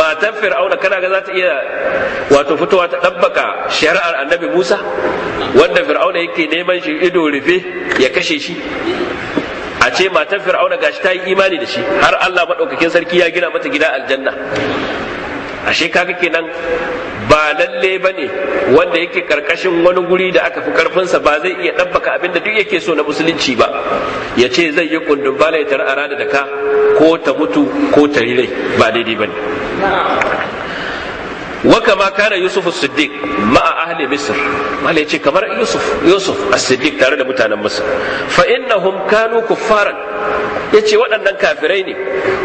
matar fir'auna kana ga za ta iya wato fitowa ta ɗabbaka shari'ar annabi musa wanda fir'auna yake neman shi ido rufe ya kashe shi a ce matar fir'auna gashi ta yi imani da shi har allah maɗaukakin sarki ya gina mata gida aljanna ashe kaga kenan ba lalle ba wanda yake karkashin wani guri da aka fi karfinsa ba zai iya ɗabbaka abin da duk yake so na musulunci ba ya ce zai yi kundin bala ya tar'ara da daka ko ta mutu ko ta rai ba daidai ba ne waka ma kana yusuf siddiq ma'a ahli misr mala yace kamar yusuf yusuf as-siddiq tare da mutanen misr fa innahum kanu kuffaran yace waɗannan kafirai ne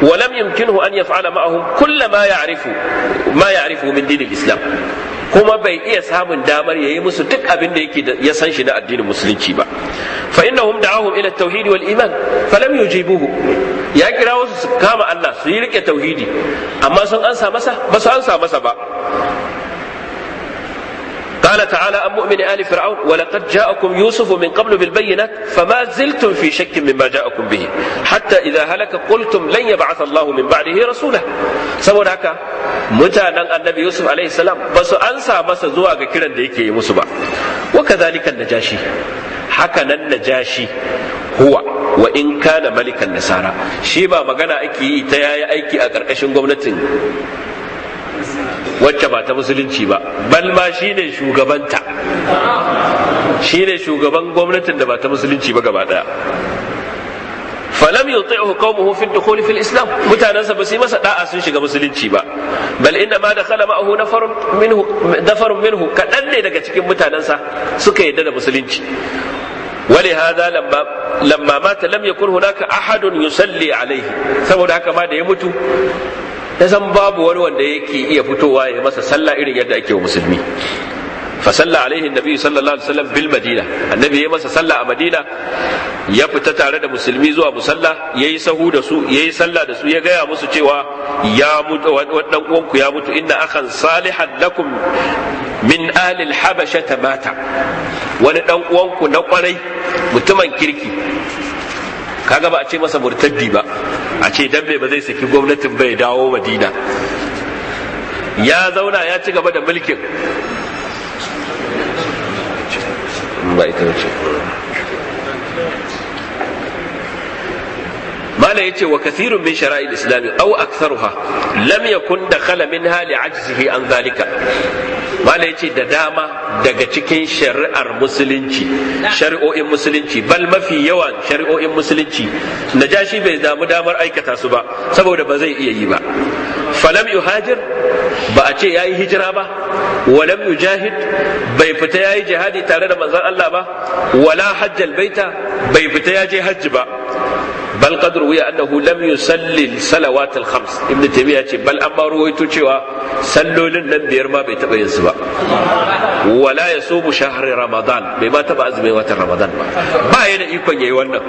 walam yumkinhu an yaf'ala ma'ahum kulla ma ya'rifu ma ya'rifu min dinil islam kuma bai iya samun damar yayi musu duk abin da yake ya san shi na addinin musulunci ba fa innahum da'ahum ila tauhidi wal iman falam yujibuhu ya kira wasu su kama Allah su yi rike tauhidi amma sun ansa masa ba su ansa masa ba قال تعالى عن مؤمن آل فرعون ولقد جاءكم يوسف من قبل بالبينات فما زلتم في شك مما جاءكم به حتى إذا هلك قلتم لن يبعث الله من بعده رسوله saboda haka mutanen annabi Yusuf alaihi salam ba su ansa masa zuwa ga kiran da yake yi musu ba wa kadhalika najashi haka nan najashi huwa wa in kana malikan nasara shi ba magana ake yi ta yayi aiki a ƙarƙashin gwamnatin wacce ba ta musulunci ba bal ma ne shugabanta shi ne shugaban gwamnatin da ba ta musulunci ba gaba daya falam yuti'hu qaumuhu fi ad-dukhul fi al-islam mutanansa ba su masa da'a sun shiga musulunci ba bal inna ma dakhala ma'ahu nafarun minhu dafarun minhu kadan ne daga cikin mutanansa suka yadda da musulunci ولهذا لما لما مات لم يكن هناك احد يصلي عليه saboda haka ma da ya mutu ya san babu wani wanda yake iya fitowa ya masa sallah irin yadda ake wa musulmi fa salla alaihi nabi sallallahu alaihi wasallam bil madina annabi ya masa sallah a madina ya fita tare da musulmi zuwa musalla yayi sahu da su yayi sallah da su ya gaya musu cewa ya mutu wadan uwanku ya mutu inna akhan salihan lakum min ahli al-habasha mata wani dan uwanku na kwarai mutumin kirki kaga ba a ce masa murtaddi ba a ce dan ba zai saki gwamnatin bai dawo madina ya zauna ya ci gaba da mulkin ba ita mala yace wa kathirun min shara'il islami aw aktharuha lam yakun dakhala hali li'ajzihi an zalika mala yace da dama daga cikin shari'ar musulunci shari'o'in musulunci bal mafi yawan shari'o'in musulunci najashi bai damu damar aikata su ba saboda ba zai iya yi ba falam yuhajir ba a ce yayi hijira ba walam yujahid bai fita yayi jihadi tare da manzan Allah ba wala hajjal baita bai fita ya je hajji ba bal qad ruwiya annahu lam yusalli salawat al khams ibnu taymiya ce bal amma ruwaito cewa sallolin nan biyar ma bai taba yin ba wala mu shahr ramadan bai ma taba azumin watan ramadan ba ba ya da ikon yayi wannan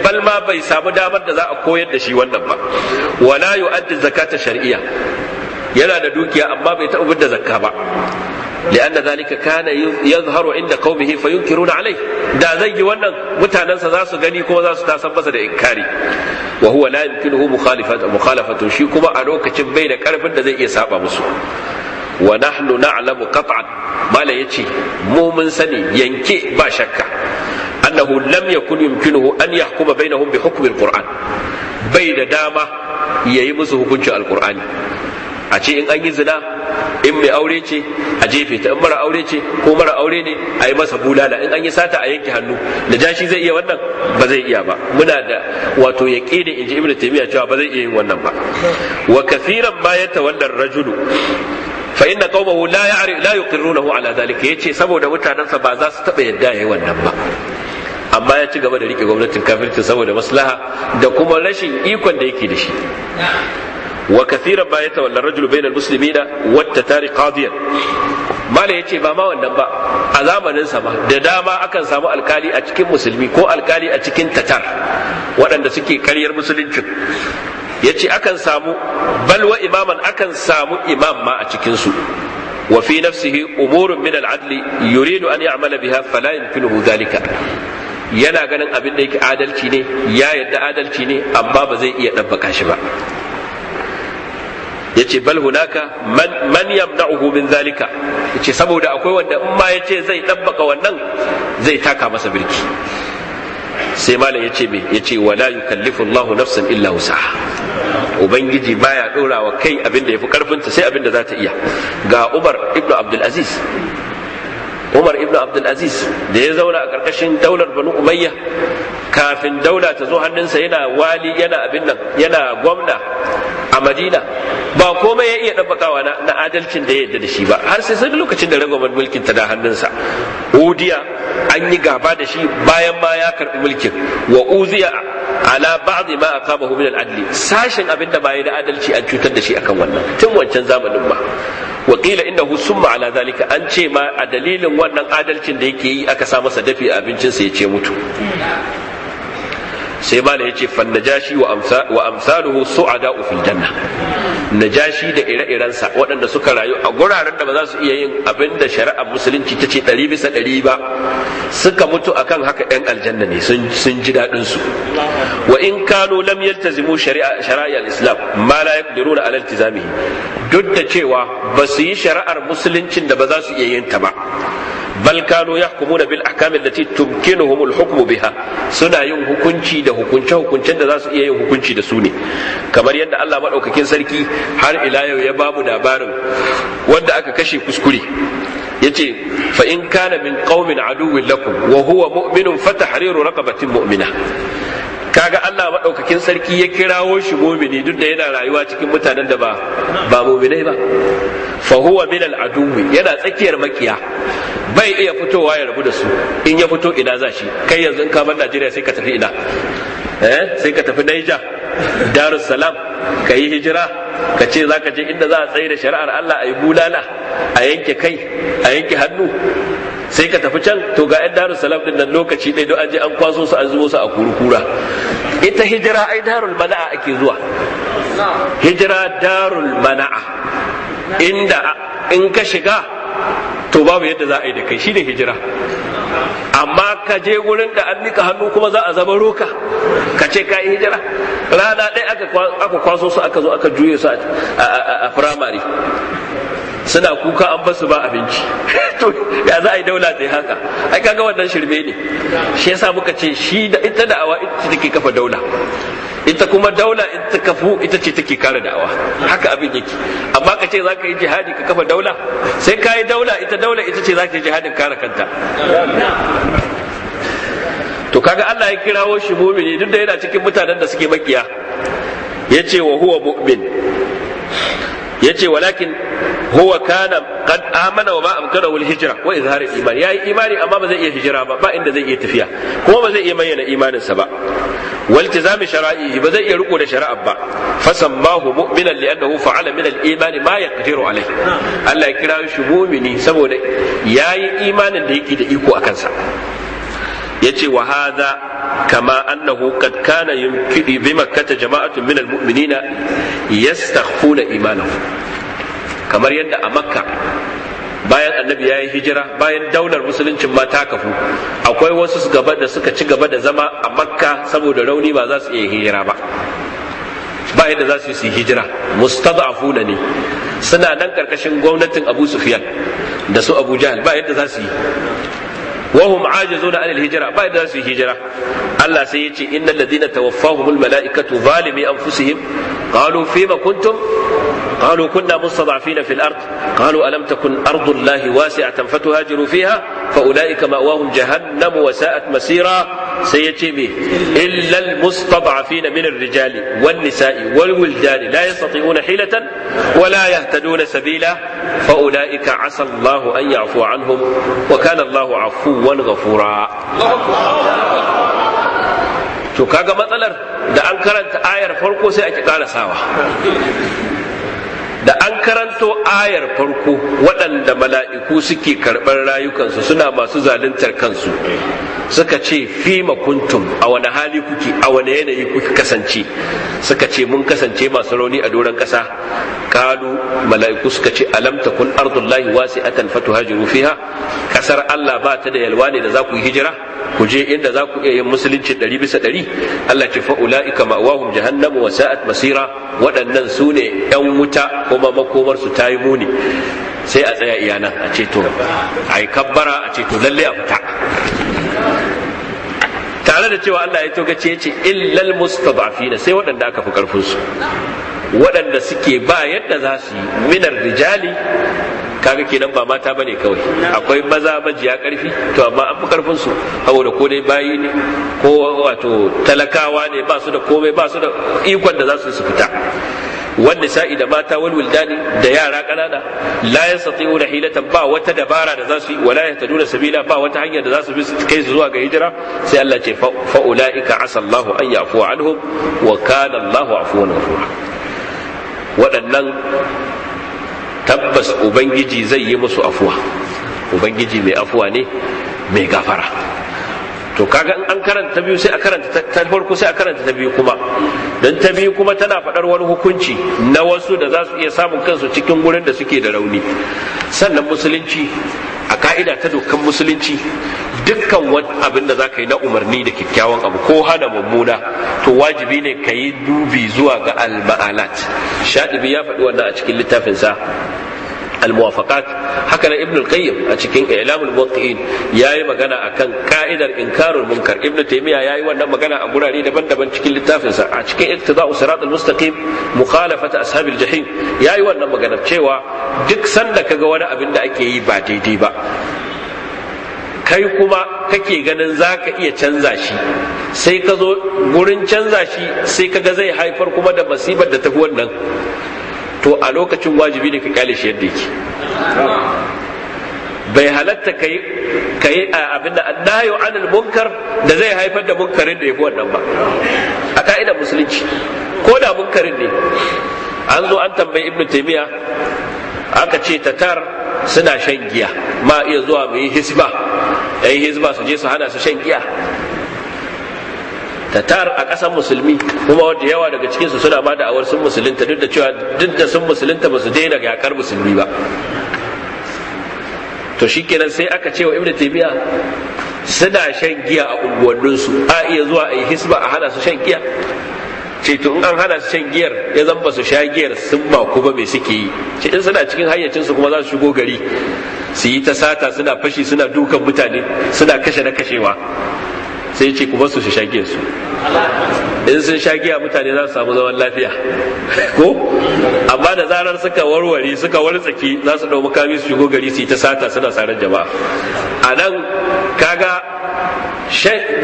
bal ma bai samu damar da za a koyar da shi wannan ba wala yu'addi zakata shar'iyya yana da dukiya amma bai taɓa da zakka ba li'anna zalika kana yazharu inda qaumihi fayunkiruna alai da zai yi wannan mutanensa za su gani kuma za su tasan masa da inkari wa huwa la yumkinuhu mukhalafatu shi kuma a lokacin bai da karfin da zai iya saɓa musu wa nahnu na'lamu qat'an mala yace mu mun sani yanke ba shakka annahu lam yakun yumkinuhu an yahkuma bainahum bi hukmi alquran bai da dama yayi musu hukuncin alqurani a ce in an yi zina in mai aure ce a jefe ta in mara aure ce ko mara aure ne a yi masa bulala in an yi sata a yanke hannu da jashi zai iya wannan ba zai iya ba muna da wato ya ne in ji ibn taymiya cewa ba zai iya yin wannan ba wa kafiran ma tawallar rajulu fa inna qaumahu la ya'ri la yuqirrunahu ala dhalika yace saboda mutanansa ba za su taba yadda yayi wannan ba amma ya ci gaba da rike gwamnatin kafirci saboda maslaha da kuma rashin ikon da yake da shi wa kathiran ma yatawalla rajulu bainal muslimina watta tari qadiyan mala yace ba ma wannan ba a zamanin sa da dama akan samu alkali a cikin musulmi ko alkali a cikin tatar waɗanda suke karyar musulunci yace akan samu balwa imaman akan samu imam ma a cikin su wa fi nafsihi umurun min al-adli yuridu an ya'mala biha fala yumkinuhu dhalika yana ganin abin da yake adalci ne ya yadda adalci ne amma ba zai iya ɗabbaka shi ba yace bal hunaka man man yamna'uhu min zalika yace saboda akwai wanda in ma yace zai dabbaka wannan zai taka masa birki sai malam yace me yace wala yukallifu Allahu nafsan illa wusaha ubangiji baya dora wa kai abin da yafi karfinta sai abin da za ta iya ga Umar ibnu Abdul Aziz umar ibn Abdulaziz da ya zauna a ƙarƙashin daular banu umayya kafin daula ta zo hannunsa yana wali yana abin nan yana gwamna a madina ba komai ya iya ɗabbakawa na adalcin da ya yadda da shi ba har sai sai lokacin da ragwamar mulkin ta da hannunsa udiya an yi gaba da shi bayan ma ya karɓi mulkin wa uziya ala ba'dhi ma aqamahu min al-adli sashin abinda ba ya da adalci an cutar da shi akan wannan tun wancan zamanin ba wakila inda summa ala zalika an ce ma a dalilin wannan adalcin da yake yi aka sa masa dafi abincinsa ya ce mutu sai mala ya ce fannajashi wa amsaluhu su'ada fil janna najashi da ire-irensa waɗanda suka rayu a guraren da ba za su iya yin abin da shari'ar musulunci ta ce ɗari bisa ɗari ba suka mutu akan haka 'yan aljanna ne sun ji daɗin su wa in kano lam yaltazimu shari'ar islam ma la yaqdiruna ala iltizamihi duk da cewa ba su yi shari'ar musuluncin da ba za su iya yin ta ba bal kanu yahkumuna bil ahkam allati tumkinuhum al hukm biha suna yin hukunci da hukunce hukuncen da za su iya yin hukunci da su ne kamar yadda Allah madaukakin sarki har ila yau ya babu labarin wanda aka kashe kuskure yace fa in kana min qaumin aduwwin lakum wa huwa mu'minun fatahriru raqabatin mu'mina kaga Allah maɗaukakin sarki ya kirawo shi mumini duk da yana rayuwa cikin mutanen da ba ba muminai ba fa huwa min al yana tsakiyar makiya bai iya fitowa ya rabu da su in ya fito ina za shi kai yanzu in ka bar Najeriya sai ka tafi ina eh sai ka tafi Niger Darus Salam ka yi hijira ka ce za ka je inda za a tsaye da shari'ar Allah a yi bulala a yanke kai a yanke hannu sai ka tafi can to ga yan darul salam din nan lokaci ɗaya don an je an kwaso su an zubo su a kurkura ita hijira ai darul mana'a ake zuwa hijira darul mana'a inda in ka shiga to babu yadda za a yi da kai shi ne hijira amma ka je gurin da an nika hannu kuma za a zama roka ka ce ka yi hijira rana ɗaya aka kwaso su aka zo aka juye su a firamare suna kuka an basu ba abinci to ya za a yi daula ta haka ai kaga wannan shirme ne shi yasa muka ce shi da ita da'awa ita take kafa daula ita kuma daula ita kafu ita ce take kare da'awa haka abin yake amma ka ce za ka yi jihadi ka kafa daula sai ka yi daula ita daula ita ce za ka yi jihadin kare kanta to kaga Allah ya kirawo shi mumini duk da yana cikin mutanen da suke makiya yace wa huwa mu'min yace walakin huwa kana qad amana wa ma amkanahu al-hijra wa izhar al-iman yayi imani amma ba zai iya hijira ba ba inda zai iya tafiya kuma ba zai iya bayyana imanin sa ba wal tizami shara'ihi ba zai iya riko da shari'a ba fasammahu mu'minan li'annahu fa'ala min al ba ya yaqdiru alai. Allah ya kira shi mu'mini saboda yayi imanin da yake da iko a kansa. yace wa hadha kama annahu qad kana yumkini bi makkah jama'atun min al-mu'minina yastakhfuna imanahum kamar yadda a makka bayan annabi ya yi hijira bayan daular musuluncin ma ta kafu akwai wasu gaba da suka ci gaba da zama a makka saboda rauni ba za su iya hijira ba ba yadda za su yi hijira mustad'afuna ne suna nan karkashin gwamnatin abu sufiyan da su abu jahal ba yadda za su yi وهم عاجزون عن الهجرة بعد ذلك الهجرة الله سيأتي إن الذين توفاهم الملائكة ظالمي أنفسهم قالوا فيما كنتم قالوا كنا مستضعفين في الأرض قالوا ألم تكن أرض الله واسعة فتهاجروا فيها فأولئك مأواهم جهنم وساءت مسيرا سيأتي به إلا المستضعفين من الرجال والنساء والولدان لا يستطيعون حيلة ولا يهتدون سبيلا فأولئك عسى الله أن يعفو عنهم وكان الله عفوا Wani gafura, to kaga matsalar da an karanta ayar farko sai ake karasawa da an karanto ayar farko waɗanda mala'iku suke karɓar rayukansu suna masu zaluntar kansu suka ce fi makuntum a wani hali kuke a wani yanayi kuke kasance suka ce mun kasance masu rauni a doron ƙasa kalu mala'iku suka ce alam takun ardullahi wasi'atan fatuhajiru fiha kasar Allah ba ta da yalwa ne da za ku yi hijira ku je inda za ku iya yin musulunci ɗari bisa ɗari Allah ce fa ula'ika ma'awahum jahannamu wa sa'at masira waɗannan su ne 'yan wuta kuma makomar su ta yi muni sai a tsaya iyana a ce to a yi kabbara a ce to lallai a fita tare da cewa Allah ya tokace ce ce illal mustad'afina sai waɗanda aka fi karfin su waɗanda suke ba yadda za su yi minar rijali kaga kenan ba mata bane kawai akwai maza majiya karfi to amma an fi karfin su saboda ko dai bayi ne ko wato talakawa ne ba su da komai ba su da ikon da za su fita wanda sa'i da mata wal da yara kanana la yastati'una hilatan ba wata dabara da za su yi wala yahtaduna sabila ba wata hanya da za su bi su kai su zuwa ga hijira sai Allah ce fa ulaika asallahu an yafuwa anhum wa kana Allahu afuwan waɗannan tabbas ubangiji zai yi musu afuwa ubangiji mai afuwa ne mai gafara to kaga in an karanta ta biyu sai a karanta ta farko sai a karanta ta biyu kuma don ta biyu kuma tana faɗar wani hukunci na wasu da za su iya samun kansu cikin gurin da suke da rauni sannan musulunci a ka'ida ta dokan musulunci dukkan wani abin da za ka yi na umarni da kyakkyawan abu ko hana mummuna to wajibi ne ka yi dubi zuwa ga al-ma'alat shaɗibi ya faɗi wannan a cikin littafinsa al haka na ibn al a cikin i'lam al-muwaqqi'in yayi magana a kan ka'idar inkarul munkar ibn taymiya yayi wannan magana a gurare daban-daban cikin littafin sa a cikin iqtida'u sirat al-mustaqim mukhalafat ashabil jahim yayi wannan magana cewa duk sanda kaga wani abin da ake yi ba daidai ba kai kuma kake ganin za ka iya canza shi sai kazo zo gurin canza shi sai ka ga zai haifar kuma da masibar da tafi wannan to a lokacin wajibi ne ka kyale shi yadda yake bai halatta kai kai abin da annayo anil munkar da zai haifar da munkarin da yafi wannan ba a ka'idar musulunci ko da munkarin ne an zo an tambayi ibnu taymiya aka ce tatar suna shan giya ma iya zuwa mu yi hisba yi hisba su je su hana su shan giya tatar a ƙasar musulmi kuma wanda yawa daga cikinsu suna ba da awar sun musulunta duk da cewa duk da sun musulunta ba su daina yakar musulmi ba to shikenan sai aka ce wa ibnu taymiya suna shan giya a unguwanninsu a iya zuwa a yi hisba a hana su shan giya ce to in an hana su shan giyar ya zan ba su sha giyar sun ba kuma me suke yi ce in suna cikin hayyacinsu kuma za su shigo gari su yi ta sata suna fashi suna dukan mutane suna kashe na kashewa sai ce ku basu su shage su in sun sha giya mutane za su samu zaman lafiya ko amma da zarar suka warware suka wartsake za su dau makami su shigo gari su yi ta sata suna sarar jama'a a nan kaga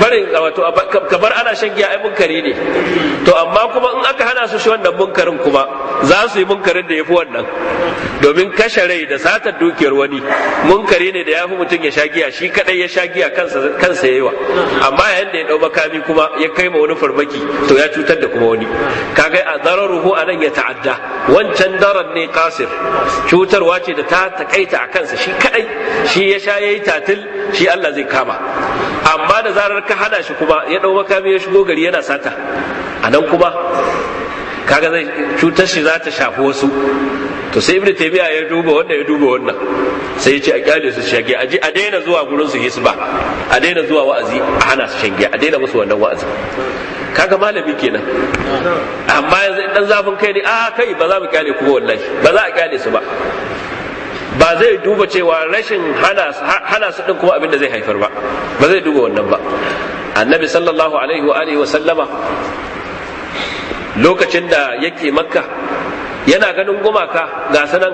barin wato kamar ana shan giya ai munkari ne to amma kuma in aka hana su shi wannan munkarin kuma za su yi munkarin da ya fi wannan domin kashe rai da satar dukiyar wani munkari ne da ya fi mutum ya sha giya shi kadai ya sha giya kansa kansa yi wa amma yayin da ya dau makami kuma ya kai kai ma wani farmaki to ya cutar da kuma wani kaga a dararuhu a nan ya ta'adda wancan darar ne kasir cutarwa ce da ta takaita a kansa shi kadai shi ya sha yayi tatil shi Allah zai kama amma da zarar ka hada shi kuma ya dau makami ya shigo gari yana sata a nan kuma kaga zai cutar shi za ta shafi wasu to sai ibnu taymiya ya duba wannan ya duba wannan sai ya ce a kyale su shan giya a daina zuwa gurin su hisba a daina zuwa wa'azi a hana su shan giya a daina musu wannan wa'azi kaga malami kenan amma yanzu dan zafin kai ne a ah, kai ba za mu kyale ku wallahi ba za a kyale su ba ba zai duba cewa rashin hana su din kuma abin da zai haifar ba ba zai duba wannan ba annabi sallallahu alaihi wa alihi wa sallama lokacin da yake makka yana ganin gumaka ga sanan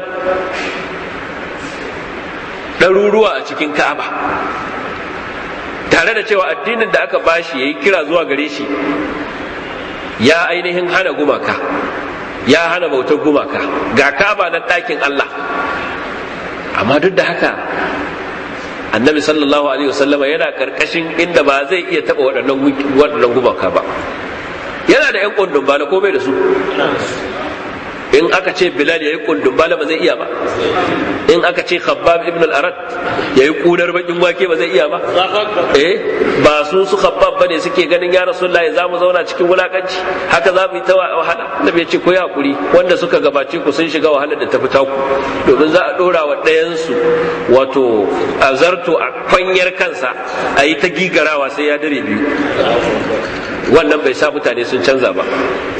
ɗaruruwa a cikin ka'aba tare da cewa addinin da aka bashi ya yi kira zuwa gare shi ya ainihin hana gumaka ya hana bautar gumaka ga ka'aba na ɗakin Allah amma duk da haka annabi sallallahu alaihi wasallama yana karkashin inda ba zai iya taɓa waɗannan gumaka ba yana da 'yan ƙundun ba na komai da su in aka ce bilal yayi kullum bala ba zai iya ba in aka ce khabbab ibn al-arad yayi kudar bakin wake ba zai iya ba eh ba su su khabbab bane suke ganin ya rasulullahi za mu zauna cikin wulakanci haka za mu yi ta wahala nabi ya ce ko ya hakuri wanda suka gabace ku sun shiga wahalar da ta fita ku domin za a dora wa ɗayan su wato zarto a kwanyar kansa a yi ta gigarawa sai ya dare biyu wannan bai sa mutane sun canza ba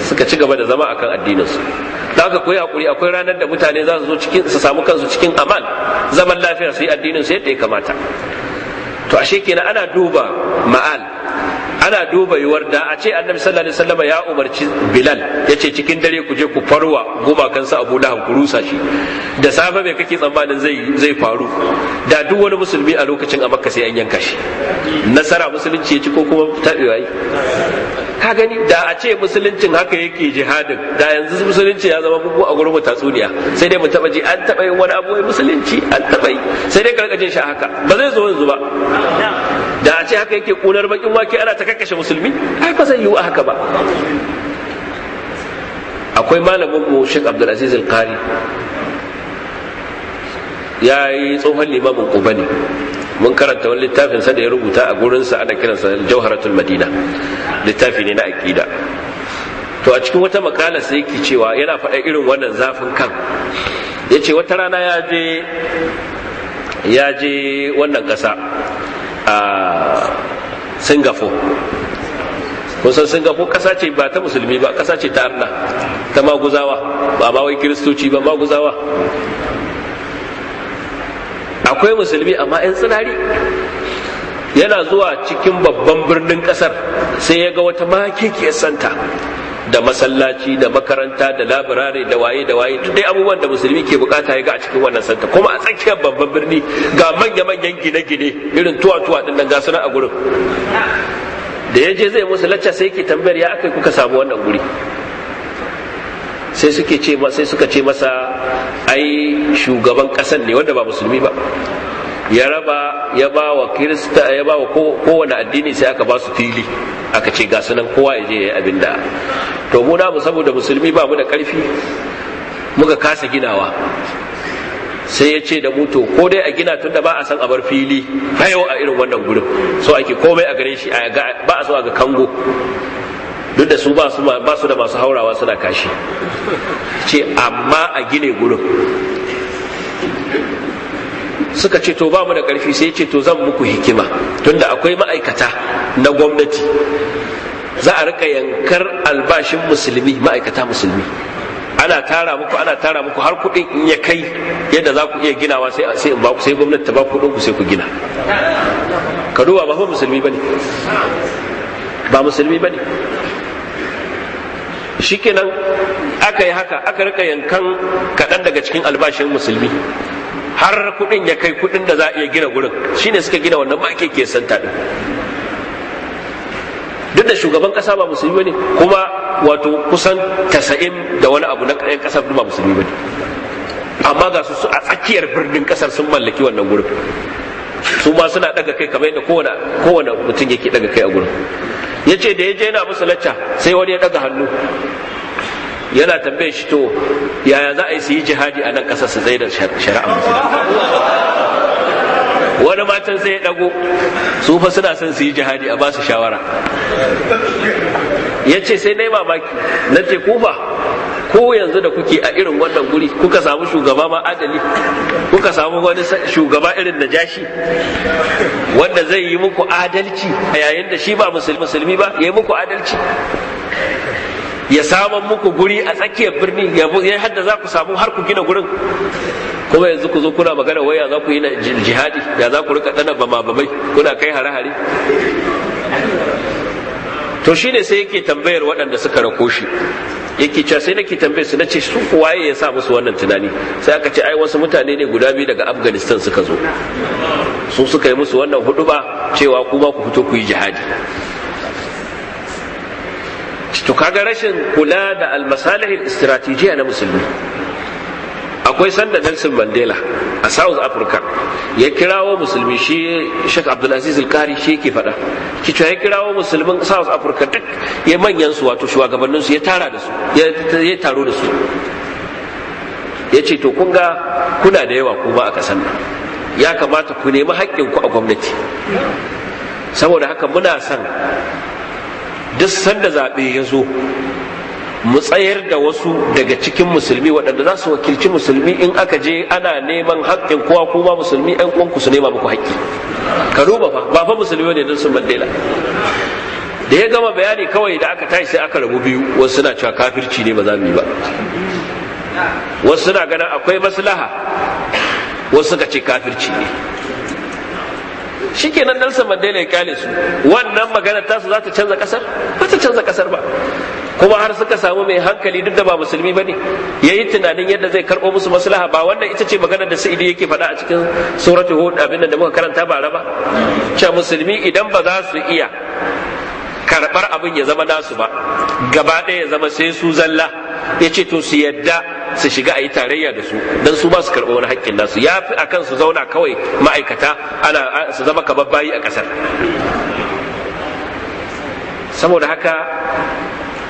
suka ci gaba da zama akan addininsu da aka koyi hakuri akwai ranar da mutane za su zo cikin su samu kansu cikin aman zaman lafiya su yi addinin su yadda ya kamata to ashe kenan ana duba ma'al ana duba yiwuwar da a ce annabi sallallahu alaihi wasallam ya umarci bilal ya ce cikin dare ku je ku farwa gumakansa abu lahab ku rusa shi da safe mai kake tsammanin zai zai faru da duk wani musulmi a lokacin a makka sai an yanka shi nasara musulunci ya ci ko kuma tabewa yi ka gani da a ce musuluncin haka yake jihadin da yanzu musulunci ya zama bubu a gurin tatsuniya sai dai mu taba ji an taba yin wani abu musulunci an taba yi sai dai karkace shi haka ba zai zo yanzu ba da a ce haka yake kunar bakin wake ana ta kakkashe musulmi ai ba zai yiwu a haka ba akwai malamin mu Sheikh Aziz Al-Qari ya yi tsohon limamin Kubani ne mun karanta wani littafin sa da ya rubuta a gurinsa ana kiransa jauharatul madina littafi ne na aƙida to a cikin wata makala sai yake cewa yana faɗa irin wannan zafin kan ya ce wata rana ya je ya je wannan ƙasa a singapore kusan singapore ƙasa ce ba ta musulmi ba ƙasa ce ta arna ta maguzawa ba ma wai kiristoci ba maguzawa akwai musulmi amma 'yan tsinari yana zuwa cikin babban birnin kasar sai ya ga wata makekiyar santa da masallaci da makaranta da labirare da waye da waye duk dai abubuwan da musulmi ke bukata ya ga a cikin wannan santa kuma a tsakiyar babban birni ga manya-manyan gine-gine irin tuwa-tuwa din nan gasu a gurin da ya je zai musu lacca sai ke tambayar ya aka kuka samu wannan guri sai suke ce sai suka ce masa ai shugaban kasan ne wanda ba musulmi ba ya raba ya ba wa kirista ya ba wa kowane addini sai aka ba su fili aka ce ga sunan kowa ya je ya abin da to mu saboda musulmi ba mu da karfi muka kasa ginawa sai ya ce da mutu ko dai a gina tunda ba a san a bar fili yau a irin wannan gurin so ake komai a gare shi ba a so a ga kango duk da su ba su da masu haurawa suna kashi ce amma a gine gurin suka ce to ba mu da ƙarfi sai ce to zan muku hikima tunda akwai ma'aikata na gwamnati za a rika yankar albashin musulmi ma'aikata musulmi ana tara muku ana tara muku har kuɗin in ya kai yadda za ku iya ginawa sai sai gwamnati ta ba ku ku sai ku gina ka duba ba musulmi ne ba musulmi ne shikenan aka yi haka aka rika yankan kaɗan daga cikin albashin musulmi har kuɗin ya kai kuɗin da za a iya gina gurin shi ne suka gina wannan ake ke santa din duk da shugaban kasa ba musulmi ne kuma wato kusan 90 da wani abu na ƙayan kasar ba musulmi ne amma ga su a tsakiyar birnin kasar sun mallaki wannan gurin su ma suna daga kai kamar yadda kowane mutum yake daga kai a gurin ya ce da ya je yana musu lacca sai wani ya daga hannu yana tambaye shi to yaya za a yi su yi jihadi a nan ƙasar su zai da shari'a wani matan sai ya dago su fa suna son su yi jihadi a ba su shawara ya ce sai na yi mamaki na ce kufa." ko yanzu da kuke a irin wannan guri kuka samu shugaba ma adali kuka samu wani shugaba irin da jashi wanda zai yi muku adalci a yayin da shi ba musulmi ba ya yi muku adalci ya saman muku guri a tsakiyar birni ya hadda za ku samu har ku gina gurin kuma yanzu ku zo kuna magana waya za ku yi na jihadi ya za ku rika dana bama bamai kuna kai hare-hare to shine sai yake tambayar waɗanda suka rakoshi. yake cewa sai nake tambaye su nace su waye ya sa musu wannan tunani sai aka ce ai wasu mutane ne guda biyu daga afghanistan suka zo su suka yi musu wannan ba cewa kuma ku fito ku yi jihadi to kaga rashin kula da almasalihin istiratijiya na musulmi akwai sanda Nelson Mandela a South Africa ya kirawo musulmi shi Sheikh Abdulaziz Al-Kari shi yake faɗa ki ya kirawo musulmin South Africa duk ya manyan su wato shugabannin su ya tara da su ya taro da su ya ce to kun ga kuna da yawa kuma a kasan nan ya kamata ku nemi ku a gwamnati saboda haka muna son duk sanda zaɓe ya zo mu tsayar da wasu daga cikin musulmi waɗanda za su wakilci musulmi in aka je ana neman haƙƙin kowa kuma musulmi ɗan uwanku su nema muku haƙƙi ka duba fa ba fa musulmi ne sun bandela da ya gama bayani kawai da aka tashi sai aka rabu biyu wasu suna cewa kafirci ne ba za mu yi ba wasu suna ganin akwai maslaha wasu suka ce kafirci ne shikenan Nelson Mandela ya kyale su wannan magana su za ta canza kasar ba ta canza kasar ba kuma har suka samu mai hankali duk da ba musulmi ba ne ya yi tunanin yadda zai karɓo musu maslaha ba wannan ita ce maganar da sa'idi yake faɗa a cikin suratul hud abin da muka karanta ba ba cewa musulmi idan ba za su iya karɓar abin ya zama nasu ba gaba ɗaya ya zama sai su zalla ya ce to su yadda su shiga a yi tarayya da su don su ba su karɓi wani haƙƙin nasu ya fi a kan su zauna kawai ma'aikata ana su zama kamar bayi a ƙasar saboda haka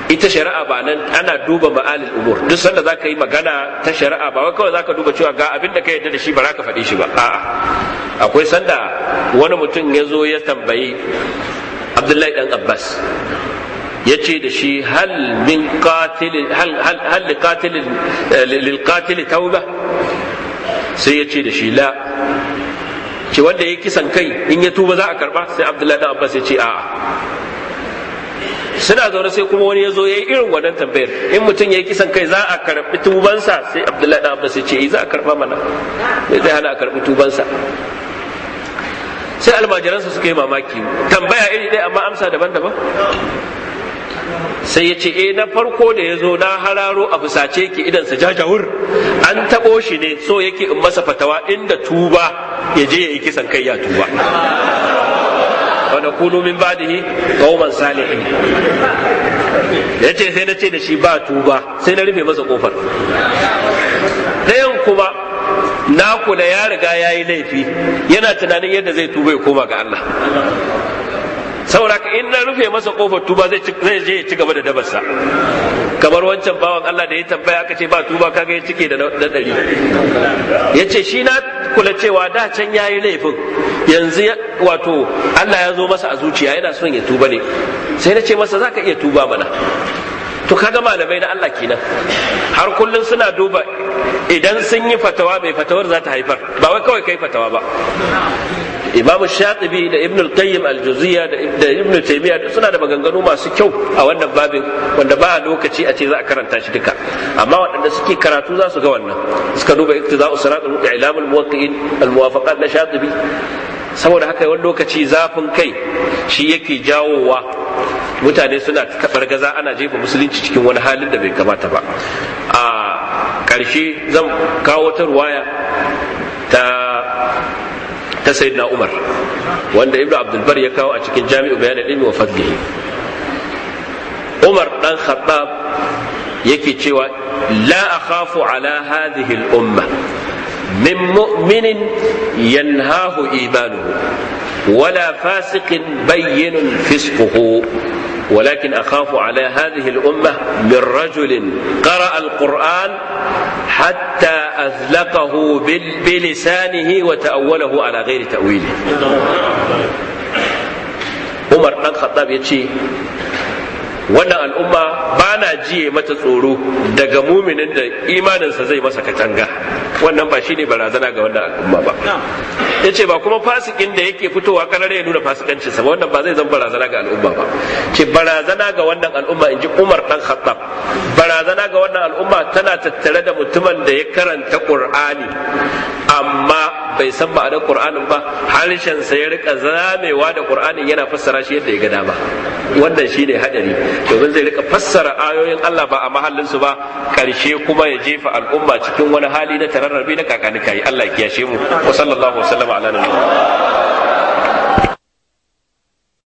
ita shari'a ba nan ana duba ma'alil umur duk sanda za ka yi magana ta shari'a ba wai kawai za ka duba cewa ga abin da ka yarda da shi ba za ka faɗi shi ba a'a akwai sanda wani mutum ya zo ya tambayi abdullahi dan abbas ya ce da shi hal min qatil hal eh, lil qatil tauba sai ya ce da shi la ce wanda ya kisan kai in ya tuba za a karba sai abdullahi dan abbas ya ce a'a suna zaune sai kuma wani ya zo ya yi irin wannan tambayar in mutum ya yi kisan kai za a karɓi tubansa sai abdullahi ɗan abbas ya ce eh, za a karɓa mana bai zai hana a karɓi tubansa sai almajiransa suka yi mamaki tambaya iri ɗaya amma amsa daban-daban sai ya ce eh na farko da ya zo na hararo a fusace ki sa jajawur an taɓo shi ne so yake in masa fatawa inda tuba ya je ya yi kisan kai ya tuba wa nakunu min ba'dihi qauman salihin yace sai na ce da shi ba tuba sai na rufe masa kofar dayan kuma na kula ya riga ya yi laifi yana tunanin yadda zai tuba ya koma ga Allah saboda in na rufe masa kofar tuba zai je ya ci gaba da dabarsa kamar wancan bawan Allah da ya tambaya aka ce ba tuba kaga ya cike da ɗari ya ce shi na kula cewa da can ya yi laifin yanzu wato Allah ya zo masa a zuciya yana son ya tuba ne sai na ce masa zaka iya tuba mana to kaga malamai na Allah kenan har kullum suna duba idan sun yi fatawa mai fatawar za ta haifar ba wai kawai kai fatawa ba imam shatibi da ibn al-qayyim al-juziyya da ibn taymiya suna da maganganu masu kyau a wannan babin wanda ba lokaci a ce za a karanta shi duka amma waɗanda suke karatu za su ga wannan suka duba iktiza'u za al-i'lam al-muwaqqi'in al-muwafaqat na shatibi saboda haka wani lokaci zafin kai shi yake jawowa mutane suna tabar gaza ana jefa musulunci cikin wani halin da bai kamata ba a ƙarshe zan kawo ta ruwaya ta ta sayyidina umar wanda ibnu abdulbar ya kawo a cikin jami'u bayan ilmi wa fadlihi umar dan khattab yake cewa la akhafu ala hadhihi al-umma min mu'minin yanhahu ايمانه ولا فاسق بين فسقه ولكن أخاف على هذه الأمة من رجل قرأ القرآن حتى أذلقه بلسانه وتأوله على غير تأويله عمر بن الخطاب يتشي wannan al'umma ba na jiye mata tsoro daga muminin da imaninsa zai masa katanga wannan ba shi ne barazana ga wannan al'umma ba ya ce ba kuma fasikin da yake fitowa karare ya nuna fasikancinsa ba wannan ba zai zan barazana ga al'umma ba ce barazana ga wannan al'umma in ji umar dan khattab barazana ga wannan al'umma tana tattare da mutumin da ya karanta qur'ani amma bai san ba da qur'anin ba sa ya rika zamewa da qur'anin yana fassara shi yadda ya ga dama wannan shi shine haɗari domin zai rika fassara ayoyin Allah ba a mahallin su ba ƙarshe kuma ya jefa al'umma cikin wani hali na tararrabi na kakani kai Allah ya kiyashe mu wa sallallahu wa sallama ala